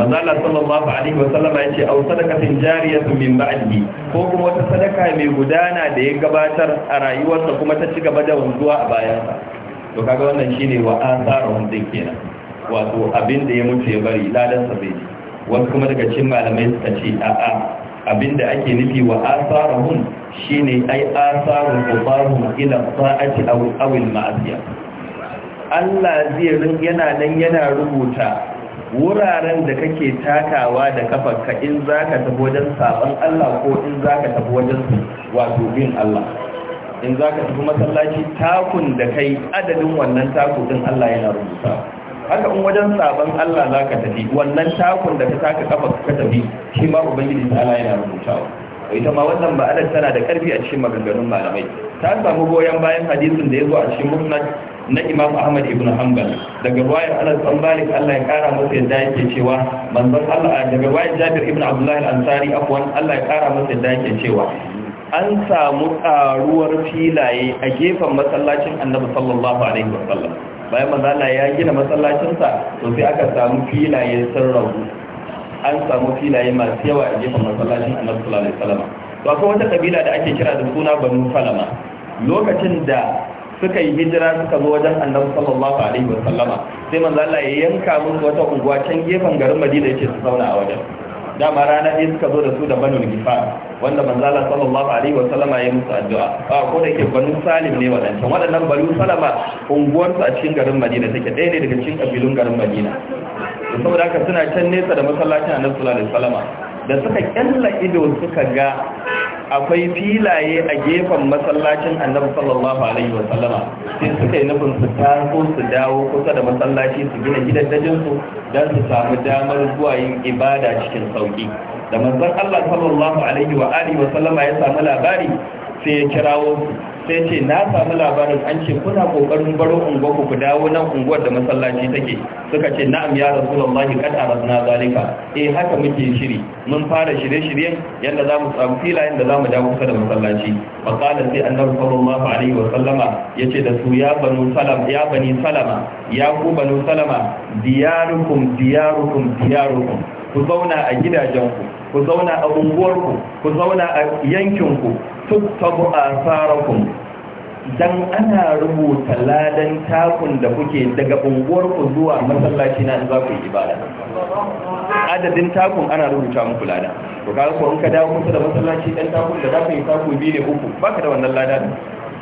Allah sallallahu alaihi wa sallam ya ce aw sadaqatin jariyatun min ba'di ko kuma wata sadaka mai gudana da ya gabatar a rayuwarsa kuma ta ci gaba da wanzuwa a bayansa to kaga wannan shine wa dinkina kenan wato abin da ya mutu ya bari ladan sa zai wasu kuma daga cikin malamai suka ce a'a abin da ake nufi wa asarahum shine ai asarun qutarhum ila sa'ati aw aw ma'asiya Allah zai rin yana nan yana rubuta wuraren da kake takawa da kafarka in zaka tafi wajen sabon Allah ko in zaka tafi wajen wato bin Allah in za ka tafi masallaci takun da kai adadin wannan taku din Allah yana rubuta haka in wajen sabon Allah za ka tafi wannan takun da ka saka kafa ka tafi shi ma ubangiji ta Allah yana rubutawa ita ma wannan ma'anar tana da karfi a cikin maganganun malamai ta samu goyon bayan hadisin da ya zo a cikin musnad na imam ahmad ibn hanbal daga ruwayar anas an malik allah ya kara masa yadda yake cewa manzon allah daga ruwayar jabir ibn abdullah al-ansari afwan allah ya kara masa yadda yake cewa an samu karuwar filaye a gefen masallacin annabi sallallahu alaihi wasallam bayan manzala ya gina masallacinsa to sai aka samu filaye sun an samu filaye masu yawa a gefen masallacin annabi sallallahu alaihi wasallam to akwai wata kabila da ake kira da suna banu salama lokacin da suka yi hijira suka zo wajen annabi sallallahu alaihi wasallama sai manzo Allah ya yanka musu wata unguwa can gefen garin Madina yace su zauna a wajen dama rana ɗaya suka zo da su da banul gifa wanda manzala sallallahu alaihi wa sallama ya musu addu'a a ko da yake banu salim ne wadancan waɗannan banu salama unguwarsu a cikin garin madina take ɗaya ne daga cikin kabilun garin madina saboda haka suna can nesa da masallacin annabi sallallahu alaihi wa sallama da suka kyalla ido suka ga akwai filaye a gefen masallacin annabi sallallahu alaihi wa sai suka yi nufin su taso su dawo kusa da masallaci su gina gidajen su don su samu damar zuwa yin ibada cikin sauki da manzon Allah sallallahu alaihi wa alihi wa ya samu labari sai ya kirawo su sai ce na samu labarin an ce kuna kokarin baro unguwarku ku dawo nan unguwar da masallaci take suka ce na'am ya rasulullahi kad arasna zalika eh haka muke shiri mun fara shirye-shiryen yanda zamu samu filayen da zamu dawo kusa da masallaci fa qala sai annabi sallallahu alaihi wa sallama yace da su ya banu salam ya bani salama ya ku banu salama diyarukum diyarukum diyarukum ku zauna a gidajenku ku zauna a unguwarku ku zauna a yankinku a asarakum dan ana rubuta ladan takun da kuke daga unguwar ku zuwa masallaci na za ku yi ibada adadin takun ana rubuta muku lada to kaga ko in ka dawo kusa da masallaci dan takun da za ku yi taku biyu ne uku baka da wannan lada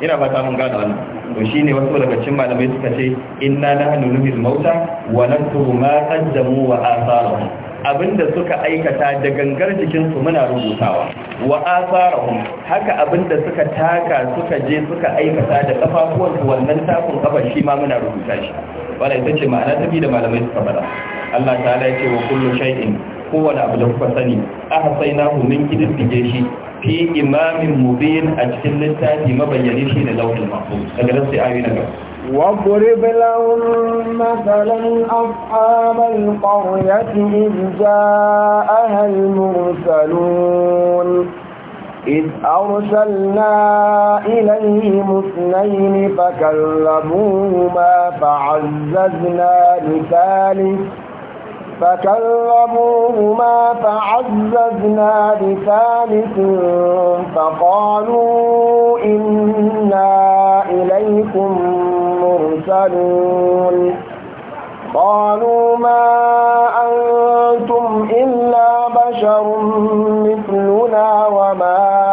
ina ba ta mun gada wannan to shine wasu daga cikin malamai suka ce inna nahnu nuhil mauta wa naktubu ma qaddamu wa atharahum abinda suka aikata da gangar jikinsu muna rubutawa wa asarahum haka da suka taka suka je suka aikata da kafafuwansu wannan takun kafa shi ma muna rubuta shi wala ita ce ma'ana tafi da malamai suka bada Allah ta'ala yake wa kullu shay'in kowane abu da kuka sani ahsaynahu min kididdige shi fi imamin mubin a cikin littafi mabayyane shi da lauhin mahfuz daga nan sai ayoyi na gaba واضرب لهم مثلا أصحاب القرية إذ جاءها المرسلون إذ أرسلنا إليهم اثنين فكلموهما فعززنا بثالث فكلموهما فعززنا بثالث فقالوا إنا إليكم مرسلون قالوا ما أنتم إلا بشر مثلنا وما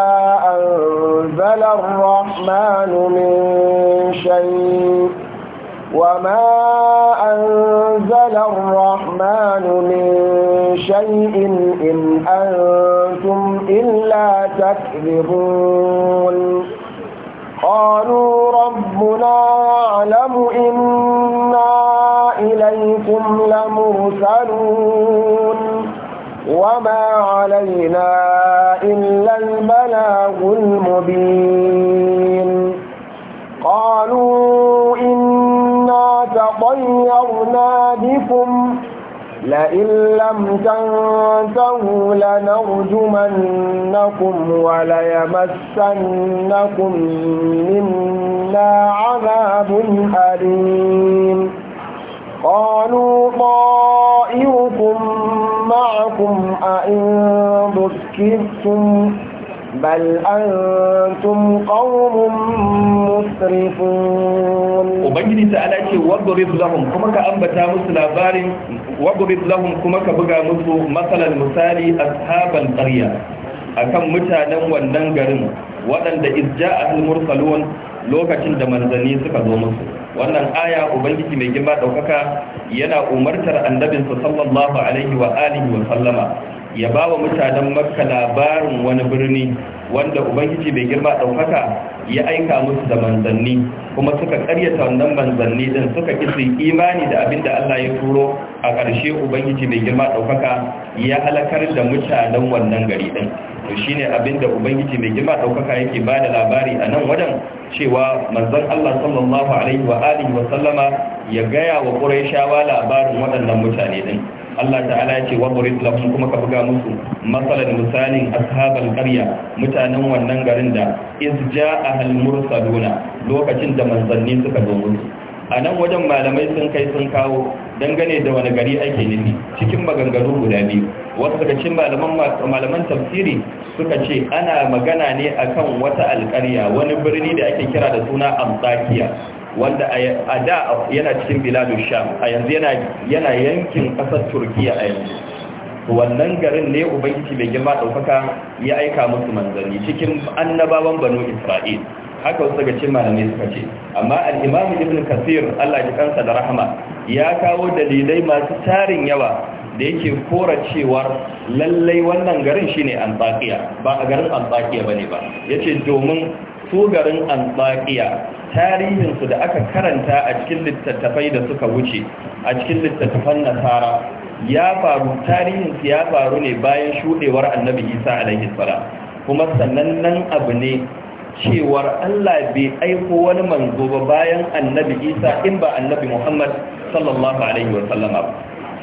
أنزل الرحمن من شيء وما أنزل الرحمن من شيء إن أنتم إلا تكذبون قالوا ربنا يعلم إنا إليكم لمرسلون وما علينا إلا البلاغ المبين قالوا إنا تطيرنا بكم لئن لم تنتهوا لنرجمنكم وليمسنكم منا عذاب أليم قالوا طائركم معكم أئن ذكرتم بل أنتم قوم مسرفون وبنجد تعالى وضرب لهم كما كأنبتا مثل بار وضرب لهم كما كبقى مثل مثل المثال أصحاب القرية akan mutanen wannan garin waɗanda izja'atul mursalun lokacin da manzanni suka zo musu wannan aya ubangiji mai girma ɗaukaka yana umartar annabinsa sallallahu alaihi wa alihi wa sallama ya ba wa mutanen makka labarin wani birni wanda ubangiji mai girma ɗaukaka ya aika musu da manzanni kuma suka karyata wannan manzanni din suka kisi imani da abin da Allah ya turo a ƙarshe ubangiji mai girma ɗaukaka ya halakar da mutanen wannan gari din to shine abin da ubangiji mai girma ɗaukaka yake ba da labari a nan wajen cewa manzon Allah sallallahu alaihi wa alihi wa sallama ya gaya wa Qurayshawa labarin waɗannan mutane din Allah ta'ala ya ce wa murid lahum kuma ka buga musu masalan misalin ashabal qarya mutanen wannan garin da iz ja'a al mursaluna lokacin da manzanni suka zo musu a wajen malamai sun kai sun kawo dangane da wani gari ake nufi cikin maganganu guda biyu wasu daga cikin malaman tafsiri suka ce ana magana ne akan wata alƙarya wani birni da ake kira da suna amsakiya wanda a da yana cikin biladun sham a yanzu yana yankin kasar turkiya a yanzu wannan garin ne ubangiji mai girma ɗaukaka ya aika musu manzanni cikin annabawan banu isra'il haka wasu daga cin malamai suka ce amma al'imamu ibn kasir allah ji kansa da rahama ya kawo dalilai masu tarin yawa da yake kora cewar lallai wannan garin shine antakiya ba a garin antakiya bane ba yace domin su garin antakiya tarihinsu da aka karanta a cikin littattafai da suka wuce a cikin littattafan nasara ya faru tarihinsu ya faru ne bayan shuɗewar annabi isa alaihi tsara kuma sannan nan abu ne cewar allah bai aiko wani manzo ba bayan annabi isa in ba annabi muhammad sallallahu alaihi ba,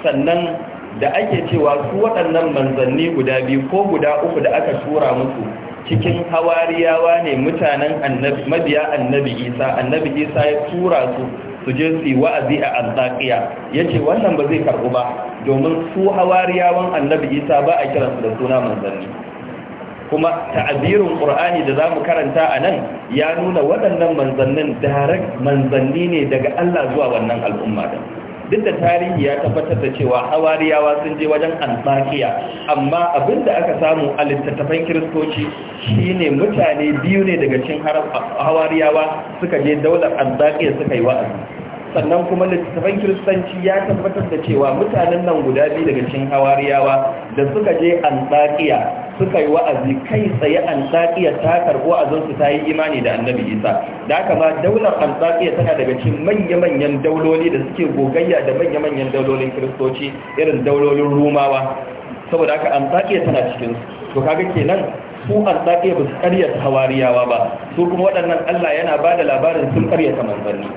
sannan da ake cewa su waɗannan manzanni guda biyu ko guda uku da aka tura musu cikin hawariyawa ne mutanen mabiya annabi isa annabi isa ya tura su su je su yi wa'azi a antakiya ya ce wannan ba zai karɓu ba domin su hawariyawan annabi isa ba a kiransu da suna manzanni kuma ta'abirin ƙur'ani da za mu karanta a nan ya nuna waɗannan manzannin direct manzanni ne daga allah zuwa wannan al'umma da duk da tarihi ya tabbatar da cewa hawariyawa sun je wajen antakiya amma abin da aka samu a littattafan kiristoci shine mutane biyu ne daga cin hawariyawa suka je daular antakiya suka yi wa'azi sannan kuma littattafan kiristanci ya tabbatar da cewa mutanen nan guda biyu daga cikin hawariyawa da suka je antakiya suka yi wa'azi kai tsaye antakiya ta karbo azansu ta yi imani da annabi isa da haka ma daular antakiya tana daga cikin manya-manyan dauloli da suke gogayya da manya-manyan daulolin kiristoci irin daulolin rumawa saboda haka antakiya tana cikin to kaga kenan su antakiya ba su karyata hawariyawa ba su kuma waɗannan allah yana ba da labarin sun karyata manzanni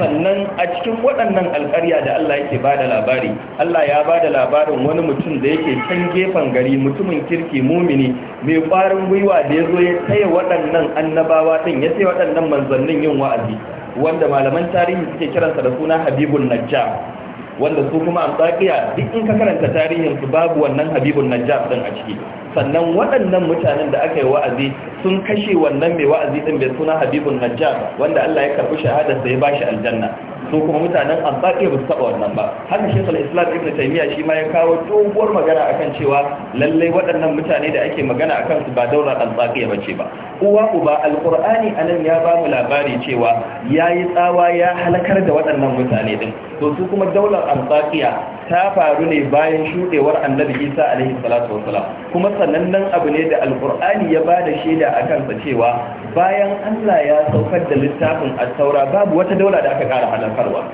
sannan a cikin waɗannan alƙarya da Allah yake ba da labari Allah ya ba da labarin wani mutum da yake can gefen gari mutumin kirki mumini mai ƙwarin gwiwa da ya zo ya taya waɗannan annabawa ɗin ya taya waɗannan manzannin yin wa'azi wanda malaman tarihi suke kiransa da suna habibun najjar wanda su kuma antakiya duk in ka karanta tarihin su babu wannan habibun najjar din a ciki sannan waɗannan mutanen da aka yi wa'azi sun kashe wannan mai wa'azi din mai suna habibun najjar wanda Allah ya karbi shahada sai ya bashi aljanna So kuma mutanen abbaƙiya ba su taɓa wannan ba haka shekul islam ibn taimiyya shi ma ya kawo doguwar magana akan cewa lallai waɗannan mutane da ake magana akan su ba daular abbaƙiya ba ce ba uwa uba alƙur'ani a nan ya ba mu labari cewa ya yi tsawa ya halakar da waɗannan mutane din to su kuma daular abbaƙiya ta faru ne bayan shudewar annabi isa alaihi salatu wasalam kuma sanannen abu ne da alkur'ani ya ba da shaida a kansa cewa bayan allah ya saukar da littafin attaura babu wata daula da aka kara halartarwa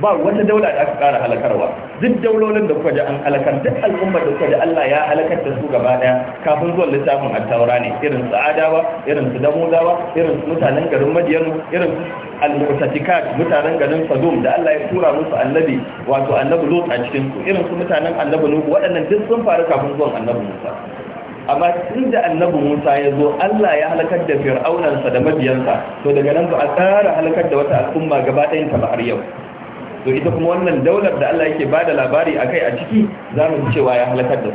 ba wata daula da aka kara halakarwa duk daulolin da kuka ji an halakar duk al'ummar da kuka ji Allah ya halakar da su gaba daya kafin zuwan littafin attaura ne irin su adawa irin su damudawa irin su mutanen garin madiyanu irin su al-mutatikat mutanen garin sadum da Allah ya tura musu annabi wato annabi lut a cikin su irin su mutanen annabi nuhu waɗannan duk sun faru kafin zuwan annabi musa amma tun da annabi Musa ya zo Allah ya halakar da fir'aunansa da mabiyansa to daga nan ba a tsara halakar da wata al'umma gaba ta ba har yau to ita kuma wannan daular da Allah yake bada labari akai a ciki za mu cewa ya halakar da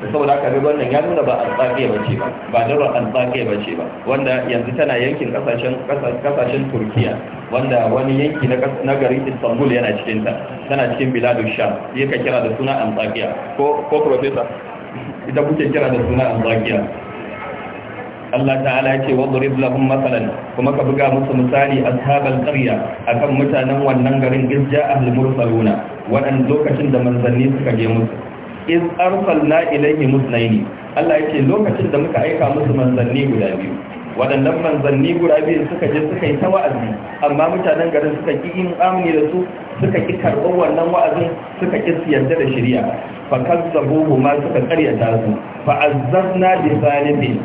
su saboda haka ga wannan ya nuna ba al-tsakiya bace ba ba daular tsakiya bace ba wanda yanzu tana yankin kasashen kasashen Turkiya wanda wani yanki na na garin Istanbul yana cikin ta tana cikin biladu sham yake kira da suna alzaqiya ko ko professor ita kuke kira da suna alzaqiya Allah ta'ala ce wa durib lahum masalan kuma ka buga musu misali ashabal qarya akan mutanen wannan garin izja ahlul mursaluna wadan lokacin da manzanni suka je musu iz arsalna ilayhi musnaini Allah ya ce lokacin da muka aika musu manzanni guda biyu waɗannan manzanni guda biyu suka je suka yi ta wa'azi amma mutanen garin suka ki yin amini da su suka ki karɓar wannan wa'azin suka ƙi yarda da shirya fa kazzabuhu ma suka ƙaryata su fa azzabna bi zalimin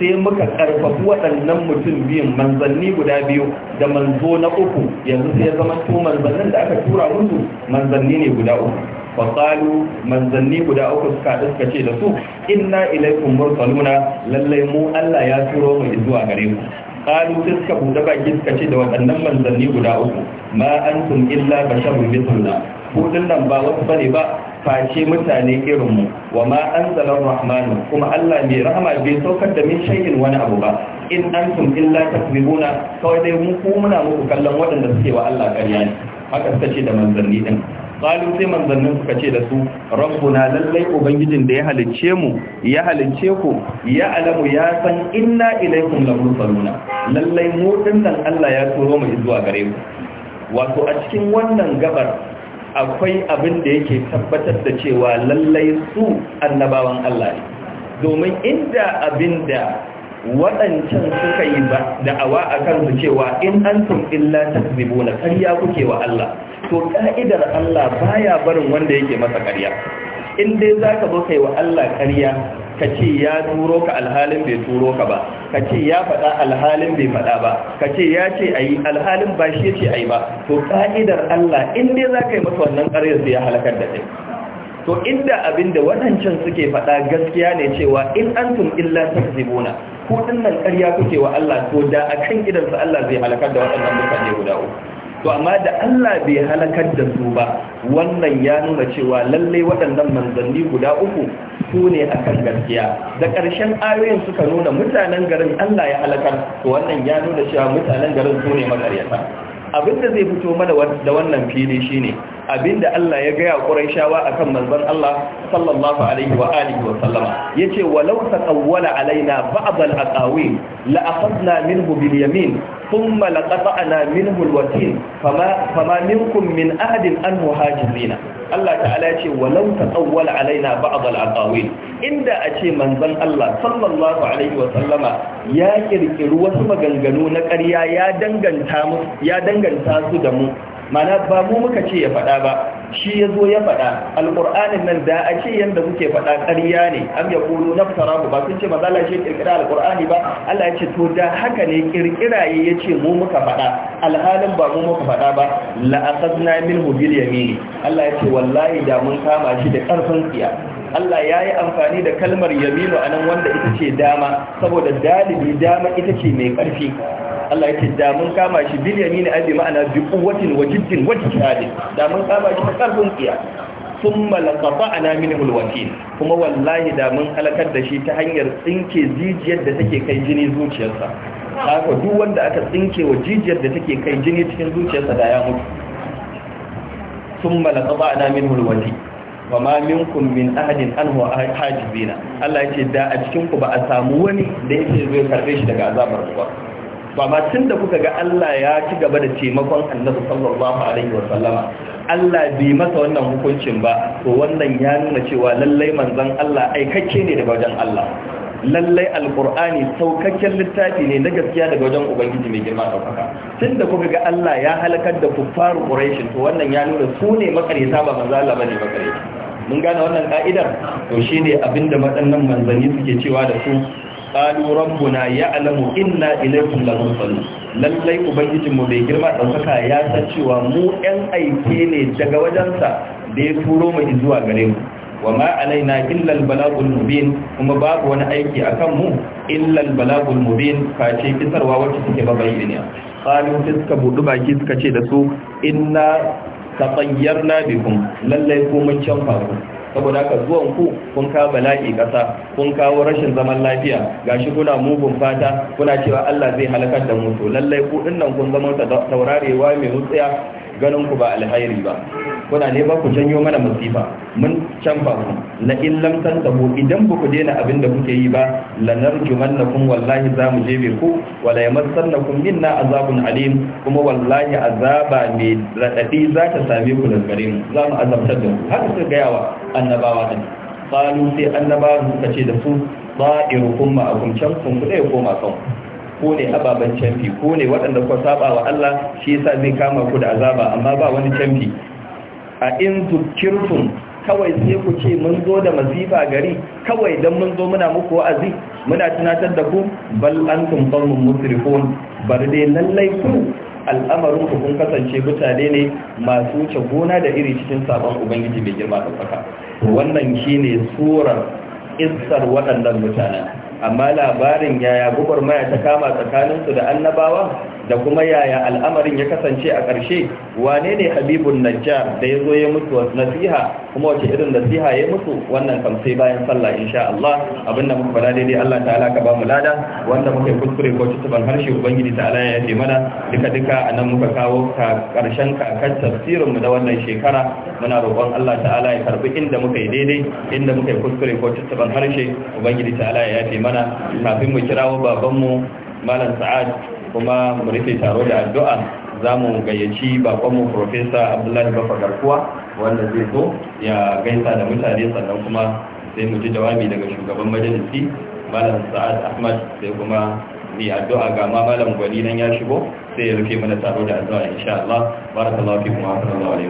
sai muka karfafi waɗannan mutum biyun manzanni guda biyu da manzo na uku yanzu sai ya zama to manzannin da aka tura musu manzanni ne guda uku fasalu manzanni guda uku suka suka ce da su inna ilaikum mursaluna lallai mu Allah ya turo mu zuwa gare mu qalu sai suka buɗe baki suka ce da waɗannan manzanni guda uku ma antum illa basharun mithluna ko nan ba wasu bane ba face mutane irinmu wa ma an zalar rahmanu kuma Allah mai rahama bai saukar da min shayin wani abu ba in an tun illa tasbihuna kawai dai mu ku muna muku kallon waɗanda suke wa Allah ƙarya ne haka suka ce da manzanni din qalu sai manzannin suka ce da su rabbuna lallai ubangijin da ya halicce mu ya halicce ku ya alamu ya san inna ilaikum lamursaluna lallai mu dinnan Allah ya turo mu zuwa gare ku wato a cikin wannan gabar akwai abin da yake tabbatar da cewa lallai su annabawan Allah ne domin inda abin da waɗancan suka yi da'awa a kansu cewa in an sun illa ta zibo na karya kuke wa Allah to ƙa'idar Allah baya barin wanda yake masa karya in dai za ka zo kai wa Allah karya ka ce ya turo ka alhalin bai turo ka ba ka ce ya faɗa alhalin bai faɗa ba ka ce ya ce a yi alhalin ba shi ce a yi ba to ƙa'idar Allah in dai za ka yi masa wannan ƙaryar sai ya halakar da kai to inda abin da waɗancan suke faɗa gaskiya ne cewa in an tun illa ta zibona ko ɗin nan ƙarya kuke wa Allah to da a kan gidansa Allah zai halakar da waɗannan mutane guda uku to amma da Allah bai halakar da su ba wannan ya nuna cewa lallai waɗannan manzanni guda uku su ne a kan gaskiya da ƙarshen ayoyin suka nuna mutanen garin Allah ya halakar to wannan ya nuna cewa mutanen garin su ne makaryata abinda zai fito mana da wannan fili shine abinda Allah ya gaya Qurayshawa akan manzon Allah sallallahu alaihi wa alihi wa sallama yace walau taqawwala alaina ba'd al-aqawil la akhadna minhu bil yamin thumma laqata'na minhu al-watin fama fama minkum min ahadin an muhajirina Allah ta'ala yace walau taqawwala alaina ba'd al-aqawil inda a ce manzon Allah sallallahu alaihi wa sallama ya kirkiri wasu maganganu na ƙarya ya danganta mu ya danganta su da mu mana ba mu muka ce ya faɗa ba shi ya zo ya faɗa alƙur'anin nan da a ce yadda muke faɗa ƙarya ne am ya ƙulu na fasara ba sun ce mazala shi ƙirƙira alƙur'ani ba Allah ya ce to da haka ne ƙirƙira ya ce mu muka faɗa alhalin ba mu muka faɗa ba la'aqadna minhu bil yamini Allah ya ce wallahi da mun kama shi da ƙarfin tsiya Allah ya yi amfani da kalmar yaminu a nan wanda ita ce dama saboda dalibi dama ita ce mai ƙarfi Allah yake da mun kama shi bil yamin an bi ma'ana bi quwwatin wa jiddin wa jihad da mun kama shi da karfin tsiya thumma laqata'na minhu alwatin kuma wallahi da mun halakar da shi ta hanyar tsinke jijiyar da take kai jini zuciyarsa haka duk wanda aka tsinke wa jijiyar da take kai jini cikin zuciyarsa da ya mutu thumma laqata'na minhu alwatin wa ma minkum min ahadin anhu hajibina Allah yake da a cikin ku ba a samu wani da yake zai karbe shi daga azabar ba ba ma tun da kuka ga Allah ya ci gaba da taimakon annabi sallallahu alaihi wa sallama Allah bai masa wannan hukuncin ba to wannan ya nuna cewa lallai manzon Allah aikakke ne daga wajen Allah lallai alqur'ani saukakken littafi ne na gaskiya daga wajen ubangiji mai girma daukaka tun da kuka ga Allah ya halakar da kuffaru quraish to wannan ya nuna su ne makareta ba manzo Allah bane makareta mun gane wannan ka'idar to shine abinda waɗannan manzanni suke cewa da su qalu rabbuna ya'lamu inna ilaykum lamunsalun lallai ubangijin mu bai girma daukaka ya san cewa mu ɗan aike ne daga wajensa da ya turo mu zuwa gare mu wa ma alaina illa balagul mubin kuma babu wani aiki akan mu illa balagul mubin ce kisarwa wacce take bayyana qalu fiska budu baki suka ce da su inna tatayyarna bikum lallai ko mun canfa ku saboda haka zuwan ku kun kawo bala'i kasa kun kawo rashin zaman lafiya gashi kuna mugun fata kuna cewa Allah zai halakar da mu to lallai ku dinnan kun zama taurarewa mai wutsiya ganin ku ba alhairi ba kuna ne ba ku janyo mana musifa mun canfa ku la in lam tantahu idan ba ku daina abinda kuke yi ba lanarjumannakum wallahi za mu jebe ku wa la yamassannakum minna azabun alim kuma wallahi azaba mai radadi za ta same ku daga gare mu za mu azabtar da ku haka suka gaya wa annabawa din qalu sai annabawa suka ce da su da'irukum ma'akum can kun ku dai koma kan ko ne ababen canfi ko ne waɗanda kuka saba wa Allah shi yasa zai kama ku da azaba amma ba wani canfi a in zukirtum kawai sai ku ce mun zo da masifa gari kawai dan mun zo muna muku wa'azi muna tunatar da ku bal antum qaumun musrifun bar dai lallai ku al'amarin ku kun kasance mutane ne masu wuce gona da iri cikin sabon ubangiji mai girma da tsaka wannan shine surar isar waɗannan mutanen amma labarin yaya gubar maya ta kama tsakaninsu da annabawa da kuma yaya al'amarin ya kasance a ƙarshe wane ne habibun najjar da ya zo ya mutu wasu nasiha kuma wace irin nasiha ya mutu wannan kamsai bayan sallah insha Allah abinda muka fada daidai Allah ta'ala ka ba mu lada wanda muka kuskure ko tutuban harshe ubangiji ta'ala ya yafe mana duka duka anan muka kawo ka ƙarshen kakan tafsirin mu da wannan shekara muna roƙon Allah ta'ala ya karbi inda muka yi daidai inda muka kuskure ko tutuban harshe ubangiji ta'ala ya yafe mana kafin mu kirawo babanmu malam sa'ad kuma mu rufe taro da addu'a za mu gayyaci bakonmu Profesa Abdullahi Bafa Garkuwa wanda zai zo ya gaisa da mutane sannan kuma sai mu ji jawabi daga shugaban majalisi Malam Sa'ad Ahmad sai kuma ni addu'a ga ma Malam Gwani nan ya shigo sai ya rufe mana taro da addu'a insha Allah barakallahu fikum kuma rahmatullahi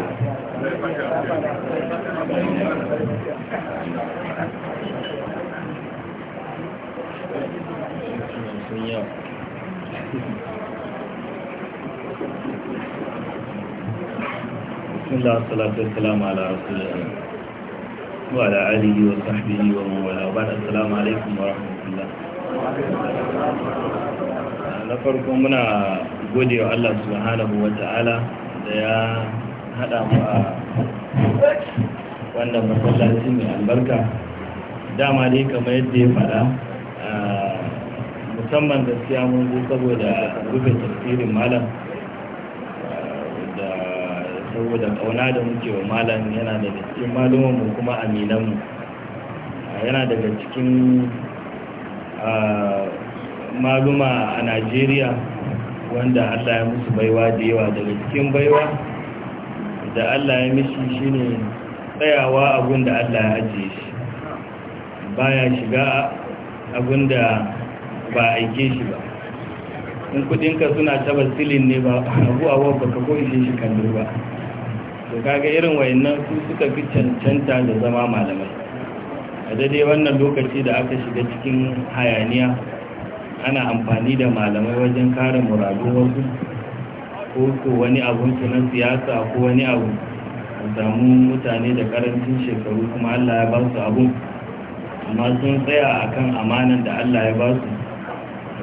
بسم الله والصلاة والسلام على na farko muna gode wa Allah subhanahu wa ta'ala da ya haɗa mu a wannan masallaci mai albarka dama dai kamar yadda ya faɗa ah, musamman gaskiya mun zo saboda rufe tafsirin malam saboda kauna da muke wa malam yana daga cikin mu kuma aminan mu yana daga cikin maluma a najeriya wanda allah ya musu baiwa da yawa daga cikin baiwa da allah ya mishi shine tsayawa abun da allah ya ajiye shi baya shiga abun da ba aike shi ba in kudinka suna ta silin ne ba abu a ba ka ko shi shi kandur ba to kaga irin wayannan su suka fi cancanta da zama malamai a daidai wannan lokaci da aka shiga cikin hayaniya ana amfani da malamai wajen kare muradu wasu ko ko wani abun na siyasa ko wani abu a samu mutane da karancin shekaru kuma Allah ya ba su abu amma sun tsaya a kan amanan da Allah ya ba su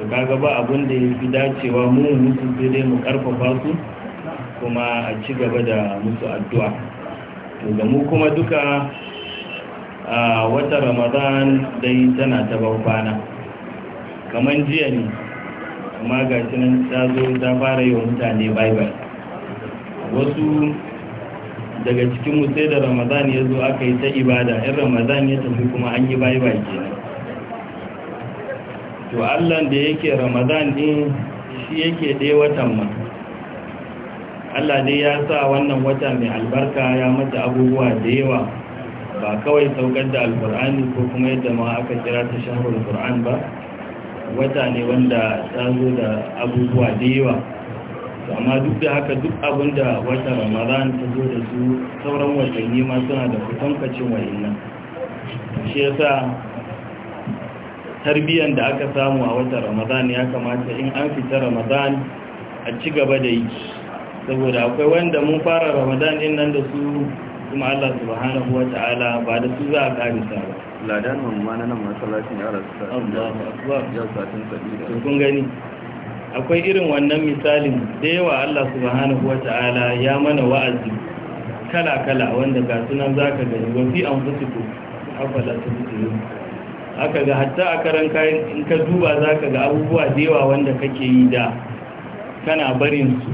to kaga ba abun da ya fi dacewa mu mutum sai dai mu karfafa su kuma a ci gaba da musu addu'a to ga mu kuma duka a wata ramadan dai tana ta bankwana kamar jiya ne amma ga nan ta zo ta fara yi wa mutane bible wasu daga cikin sai da ramadan ya zo aka yi ta ibada in ramadan ya tafi kuma an yi bible kenan to allah da yake ramadan din shi yake ɗaya watan ma Allah dai ya sa wannan wata mai albarka ya mata abubuwa da yawa ba kawai saukar da alkur'ani ko kuma yadda ma aka kira ta shahrul qur'an ba wata ne wanda ta zo da abubuwa da yawa amma duk da haka duk abin da wata ramadan ta zo da su sauran watanni ma suna da kusankacin wa'innan shi yasa tarbiyyar da aka samu a wata ramadan ya kamata in an fita ramadan a ci gaba da yi saboda akwai wanda mun fara ramadan din nan da su kuma Allah subhanahu wa ta'ala ba da su za a karisa ba ladan mamma na nan masallacin ya akbar ya satin sabida kun gani akwai irin wannan misalin da yawa Allah subhanahu wa ta'ala ya mana wa'azi kala-kala wanda ga sunan zaka gani wa fi anfusikum afala tubsirun aka ga hatta a karan kayan in ka duba zaka ga abubuwa da yawa wanda kake yi da kana barin su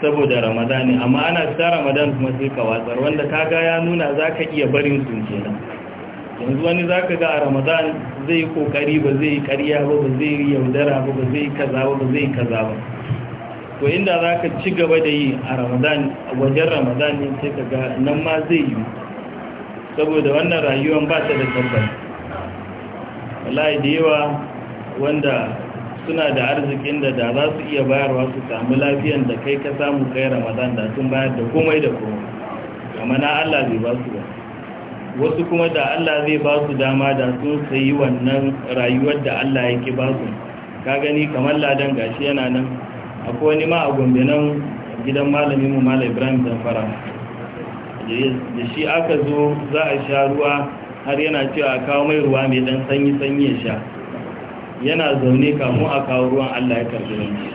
saboda ramadani amma ana fita ramadan kuma sai ka watsar wanda ka ga ya nuna za ka iya barin su kenan yanzu wani za ka ga a ramadan zai yi kokari ba zai yi karya ba ba zai yi yaudara ba ba zai yi kaza ba ba zai yi kaza ba to inda za ka ci gaba da yi a ramadan wajen ramadan ne sai ka ga nan ma zai yi saboda wannan rayuwar ba ta da tabbata wallahi da yawa wanda suna da arzikin da da za su iya bayarwa su samu lafiyan da kai ka samu kai ramadan da sun bayar da komai da komai amma na Allah zai ba su ba wasu kuma da Allah zai ba su dama da sun sayi wannan rayuwar da Allah yake ba su ka gani kamar ladan gashi yana nan akwai wani ma a gombe nan gidan malamin mu malam Ibrahim Zamfara da shi aka zo za a sha ruwa har yana cewa a kawo mai ruwa mai dan sanyi sanyi ya sha yana zaune kamu a kawo ruwan Allah ya karbi wanki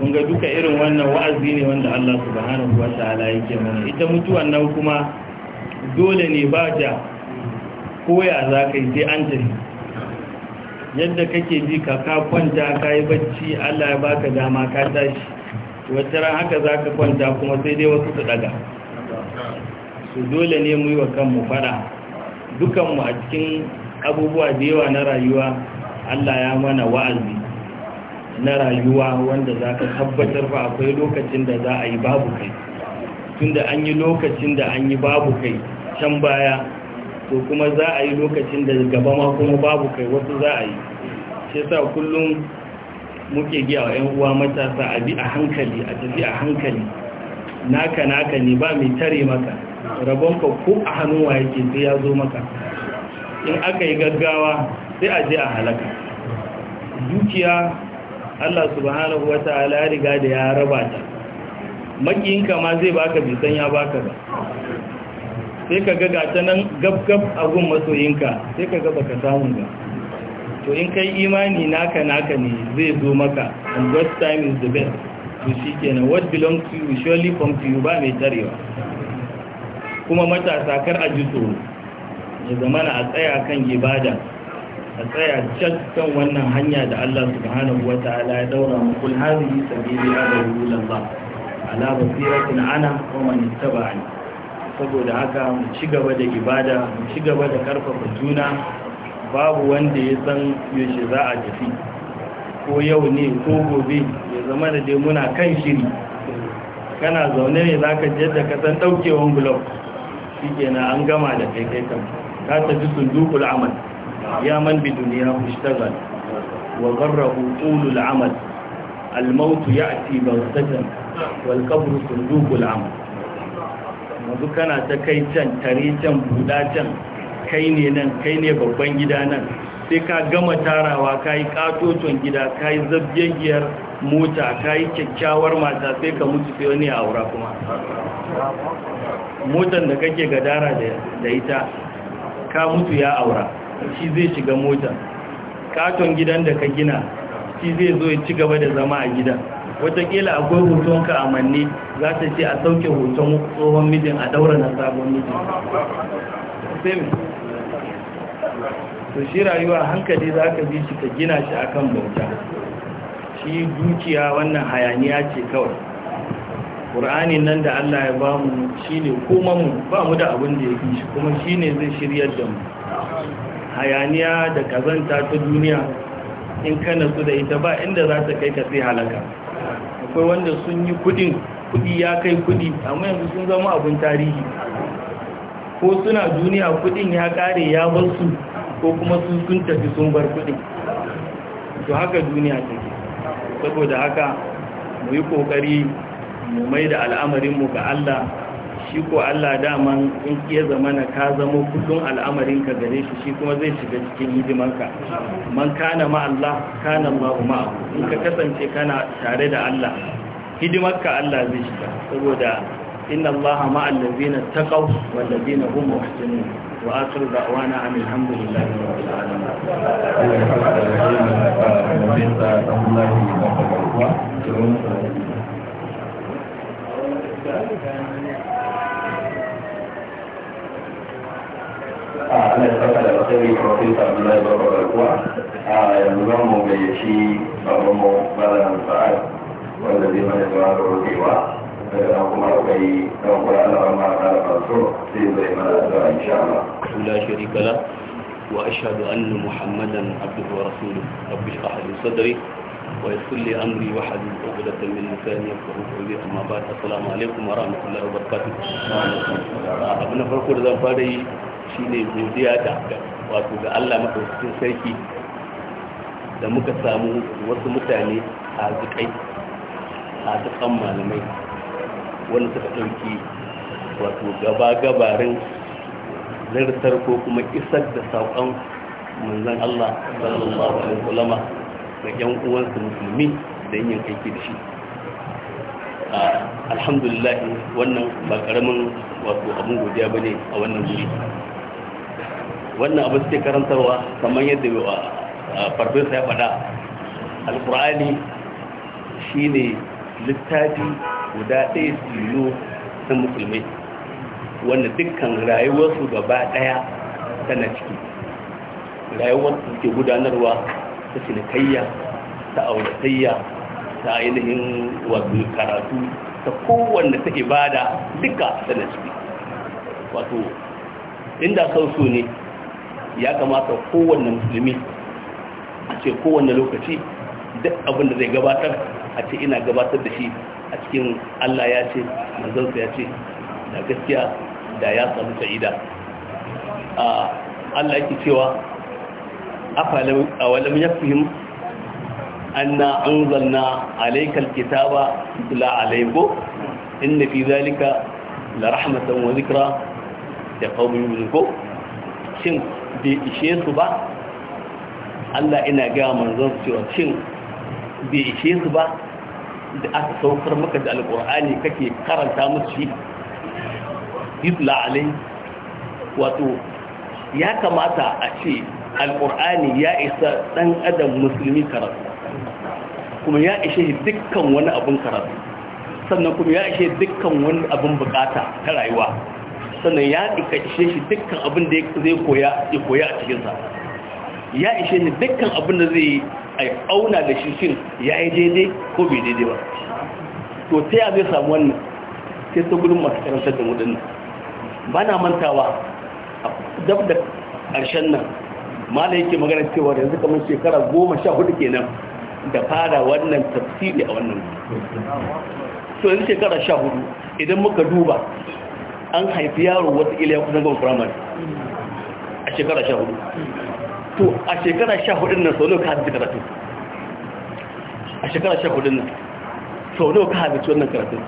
kun ga duka irin wannan wa'azi ne wanda Allah subhanahu wa ta'ala yake mana ita mutuwan nan kuma dole ne ba ta koya za ka sai an tafi yadda kake ji ka ka kwanta ka yi bacci Allah ya baka dama ka tashi wata ran haka za ka kwanta kuma sai dai wasu su daga su dole ne mu yi wa kanmu faɗa. dukanmu a cikin abubuwa da yawa na rayuwa Allah ya mana wa'azi na rayuwa wanda za ka tabbatar fa akwai lokacin da za a yi babu kai tunda an yi lokacin da an yi babu kai can baya to kuma za a yi lokacin da gaba ma kuma babu kai wasu za a yi shi sa kullum muke giya wa 'yan uwa matasa a bi a hankali a tafi a hankali naka naka ne ba mai tare maka rabonka ko a hannuwa yake sai ya zo maka in aka yi gaggawa sai a je a halaka dukiya Allah subhanahu wa ta'ala ya riga da ya raba ta makiyinka ma zai baka bisan ya baka ba sai ka ga gata nan gab-gab a gun masoyinka sai ka gaba ka samun ba to in kai imani naka naka ne zai zo maka and God's time is the best to shi kenan what belongs to you surely come to you ba mai tarewa kuma matasa kar a ji tsoro ya zama na a tsaya kan ibada a tsaya kan wannan hanya da Allah subhanahu wa ta'ala ya daura mu kul hadhihi sabili adu lillah ala basiratin ana wa man ne. saboda haka mu ci gaba da ibada mu ci gaba da karfafa juna babu wanda ya san yaushe za a tafi ko yau ne ko gobe ya zama da dai muna kan shiri kana zaune ne zaka je da ka san daukewan blog shikenan an gama da kai kai kan ka tafi sundukul amal ya man bi duniya mushtagal wa garrahu ulul amal الموت يأتي wal والقبر صندوق amal yanzu kana ta kai can tare can buɗa can kai ne nan kai ne babban gida nan sai ka gama tarawa ka yi ƙatoton gida kai yi mota ka yi kyakkyawar mata sai ka mutu sai wani aura kuma Motan da kake gadara da ita ka mutu ya aura shi zai shiga mota katon gidan da ka gina shi zai zo ya ci gaba da zama a gidan watakila akwai hotonka a manne za ta ce a sauke hoton tsohon mijin a daura na sabon mijin to shi rayuwa hankali za ka bi shi ka gina shi akan bauta shi dukiya wannan hayaniya ce kawai ƙur'anin nan da Allah ya bamu mu shi ne kuma mu ba mu da abin da ya fi shi kuma shi zai shiryar da mu hayaniya da kazanta ta duniya in ka su da ita ba inda za ta kai ka sai halaka akwai wanda sun yi kudin kudi ya kai kudi amma yanzu sun zama abin tarihi ko suna duniya kudin ya kare ya bar su ko kuma sun sun tafi sun bar kudin to haka duniya take saboda haka mu yi kokari mu mai da al'amarinmu ga Allah shi ko Allah daman in ya zama ka zamo kullum al'amarinka gare shi shi kuma zai shiga cikin hidimanka man kana ma Allah kana Allahu ma in ka kasance kana tare da Allah hidimarka Allah zai shiga saboda inna Allah ma allazina taqaw wal ladina hum muhsinun wa akhiru da'wana alhamdulillahi rabbil alamin لا شريك له وأشهد أن محمدا عبده ورسوله رب اشرح لي صدري ويسر لي أمري وحديث عقدة من لساني يفقهوا قولي أما بعد السلام عليكم ورحمة الله وبركاته abin farko da zan fara yi shine godiya da wato ga Allah madaukakin sarki da muka samu wasu mutane a zikai a dukkan malamai wanda suka ɗauki wato gaba-gabarin zartar ko kuma isar da saƙon manzan Allah sallallahu alaihi da yan uwansu musulmi da yin aiki da shi alhamdulillah wannan ba karamin wato abin godiya bane a wannan guri wannan abu suke karantarwa kamar yadda farfesa ya faɗa alkur'ani shine littafi guda ɗaya tilo na musulmi. wanda dukkan rayuwarsu gaba ɗaya tana ciki rayuwar ke gudanarwa ta cinikayya ta auratayya ta ainihin wato karatu ta kowanne ta ibada duka tana ciki wato inda sau su ne ya kamata kowanne musulmi a ce kowanne lokaci duk abin da zai gabatar a ce ina gabatar da shi a cikin Allah ya ce manzansa ya ce da gaskiya da ya samu sa'ida a ah, Allah yake cewa awalam yafhim anna anzalna alayka kitaba la alayko in fi zalika la rahmatan wa dhikra ya qawmi minko shin bai ishe su ba Allah ina ga manzon cewa shin bai ishe su ba da aka saukar maka da alqur'ani kake karanta musu shi yutla alai wato ya kamata a ce alƙur'ani ya isa ɗan adam musulmi karatu kuma ya ishe dukkan wani abin karatu sannan kuma ya ishe dukkan wani abin bukata ta rayuwa sannan ya ishe shi dukkan abin da zai koya ya koya a cikinsa ya ishe ni dukkan abin da zai a auna da shi shi ya yi daidai ko bai daidai ba to ta ya zai samu wannan sai ta gudun masu karantar da mudin ba na mantawa dab da ƙarshen nan mala yake magana cewa yanzu kamar shekara goma sha hudu kenan da fara wannan tafsiri a wannan so yanzu shekara sha hudu idan muka duba an haifi yaro wata iliya kusan gama firamare a shekara sha hudu to a shekara sha hudun nan sau nawa ka haɗu karatu a shekara sha hudun nan sau nawa ka haɗu wannan karatun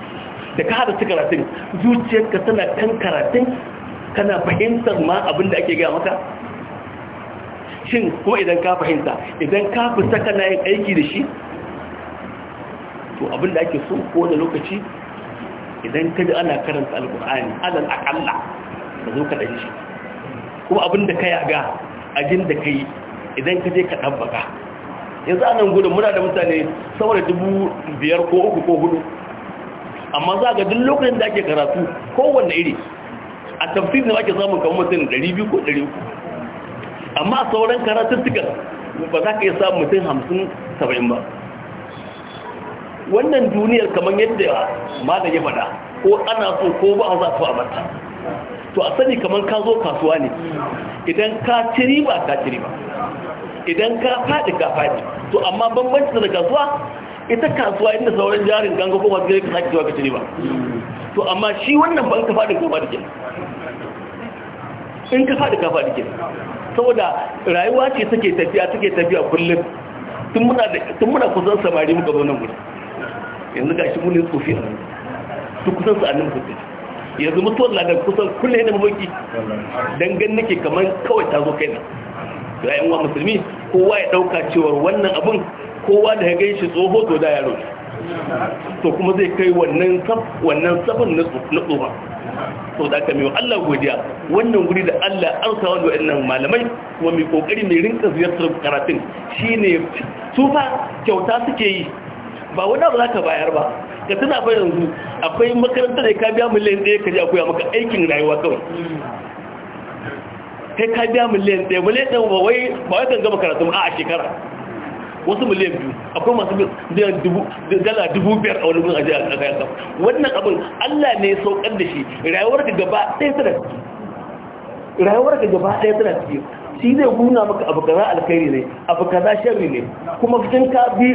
da ka haɗu karatun zuciyarka tana kan karatun kana fahimtar ma abin da ake gaya maka shin kuma idan ka fahimta idan ka fi saka na yin aiki da shi to abin da ake so ko da lokaci idan ka ji ana karanta alkur'ani alal akalla ka zo ka ɗan kuma abin da ka yaga ajin da ka yi idan ka je ka ɗabbaka yanzu anan gudun muna da mutane saboda dubu biyar ko uku ko hudu amma za ga duk lokacin da ake karatu kowanne iri a tafi ne ake samun kamar mutum 200 ko 300 amma sauran karatuttukan ba za ka yi samun mutum hamsin saba'in ba wannan duniyar kamar yadda malam ya faɗa ko ana so ko ba zafi a mata to a sani kamar ka zo kasuwa ne idan ka ciri ba ka ciri ba idan ka faɗi ka faɗi to amma bambanci da kasuwa ita kasuwa inda sauran jarin ganga ko wasu ka sake cewa ka ciri ba to amma shi wannan ba ka faɗi ko ba da in ka faɗi ka faɗi kenan saboda rayuwa ce suke tafiya suke tafiya kullum tun muna kusan samari muka zo nan wuri yanzu ga shi muni tsofi a nan su kusan su annin kusur yanzu mutuwar ladar kusan kullum yana mamaki don gan nake kamar kawai ta zo kai na rayuwa yan wa musulmi kowa ya dauka cewar wannan abin kowa da ya gai shi tsoho to da yaro to kuma zai kai wannan sabon na tsoho sau da aka miyo Allah godiya wannan guri da Allah an sawa da wannan malamai kuma mai kokari mai rinka ziyartar karatun shine su fa kyauta suke yi ba wanda ba za ka bayar ba ka tuna fa yanzu akwai makaranta da ka biya miliyan ɗaya ka je akwai koya maka aikin rayuwa kawai kai ka biya miliyan ɗaya miliyan ɗaya ba wai ba wai kan gama karatu a shekara wasu miliyan biyu akwai masu biyan dala dubu biyar a wani gun ajiyar a kayan kafa wannan abin allah ne ya saukar da shi rayuwar ka gaba ɗaya tana ciki rayuwar ka gaba ɗaya tana ciki shi zai guna maka abu kaza alkhairi ne abu kaza sharri ne kuma in ka bi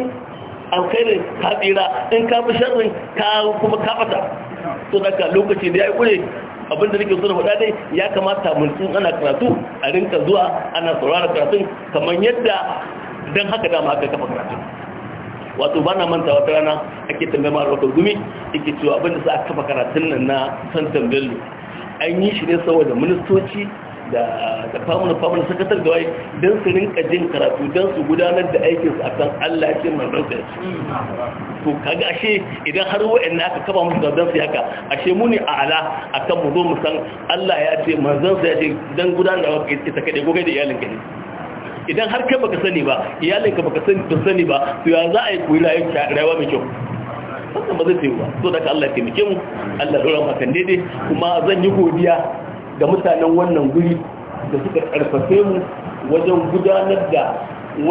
alkhairin ka tsira in ka bi sharrin ka kuma ka fata to daga lokaci da ya yi kure abinda nake so na faɗa dai ya kamata mun tun ana karatu a rinka zuwa ana saurara karatun kamar yadda don haka dama aka kafa karatu wato bana manta wata rana ake tambayar ma alwakar gumi ake cewa abin da za a kafa karatun nan na santan bello an yi shi ne saboda ministoci da famunan famunan sakatar da waye don su rinka jin karatu don su gudanar da aikin a kan allah ya ce manzan sa to kaga ashe idan har wa'in na aka kaba musu don su haka ashe muni a ala a kan mu zo mu san allah ya ce man sa ya ce don gudanar da ita kaɗai gogai da iyalin ka ne idan har kai baka sani ba ka baka sani ba sani ba to ya za a yi koyi rayuwa mai kyau wannan ba zai tsaye ba so daga Allah ke taimake mu Allah ya maka daidai kuma zan yi godiya ga mutanen wannan guri da suka karfafe mu wajen gudanar da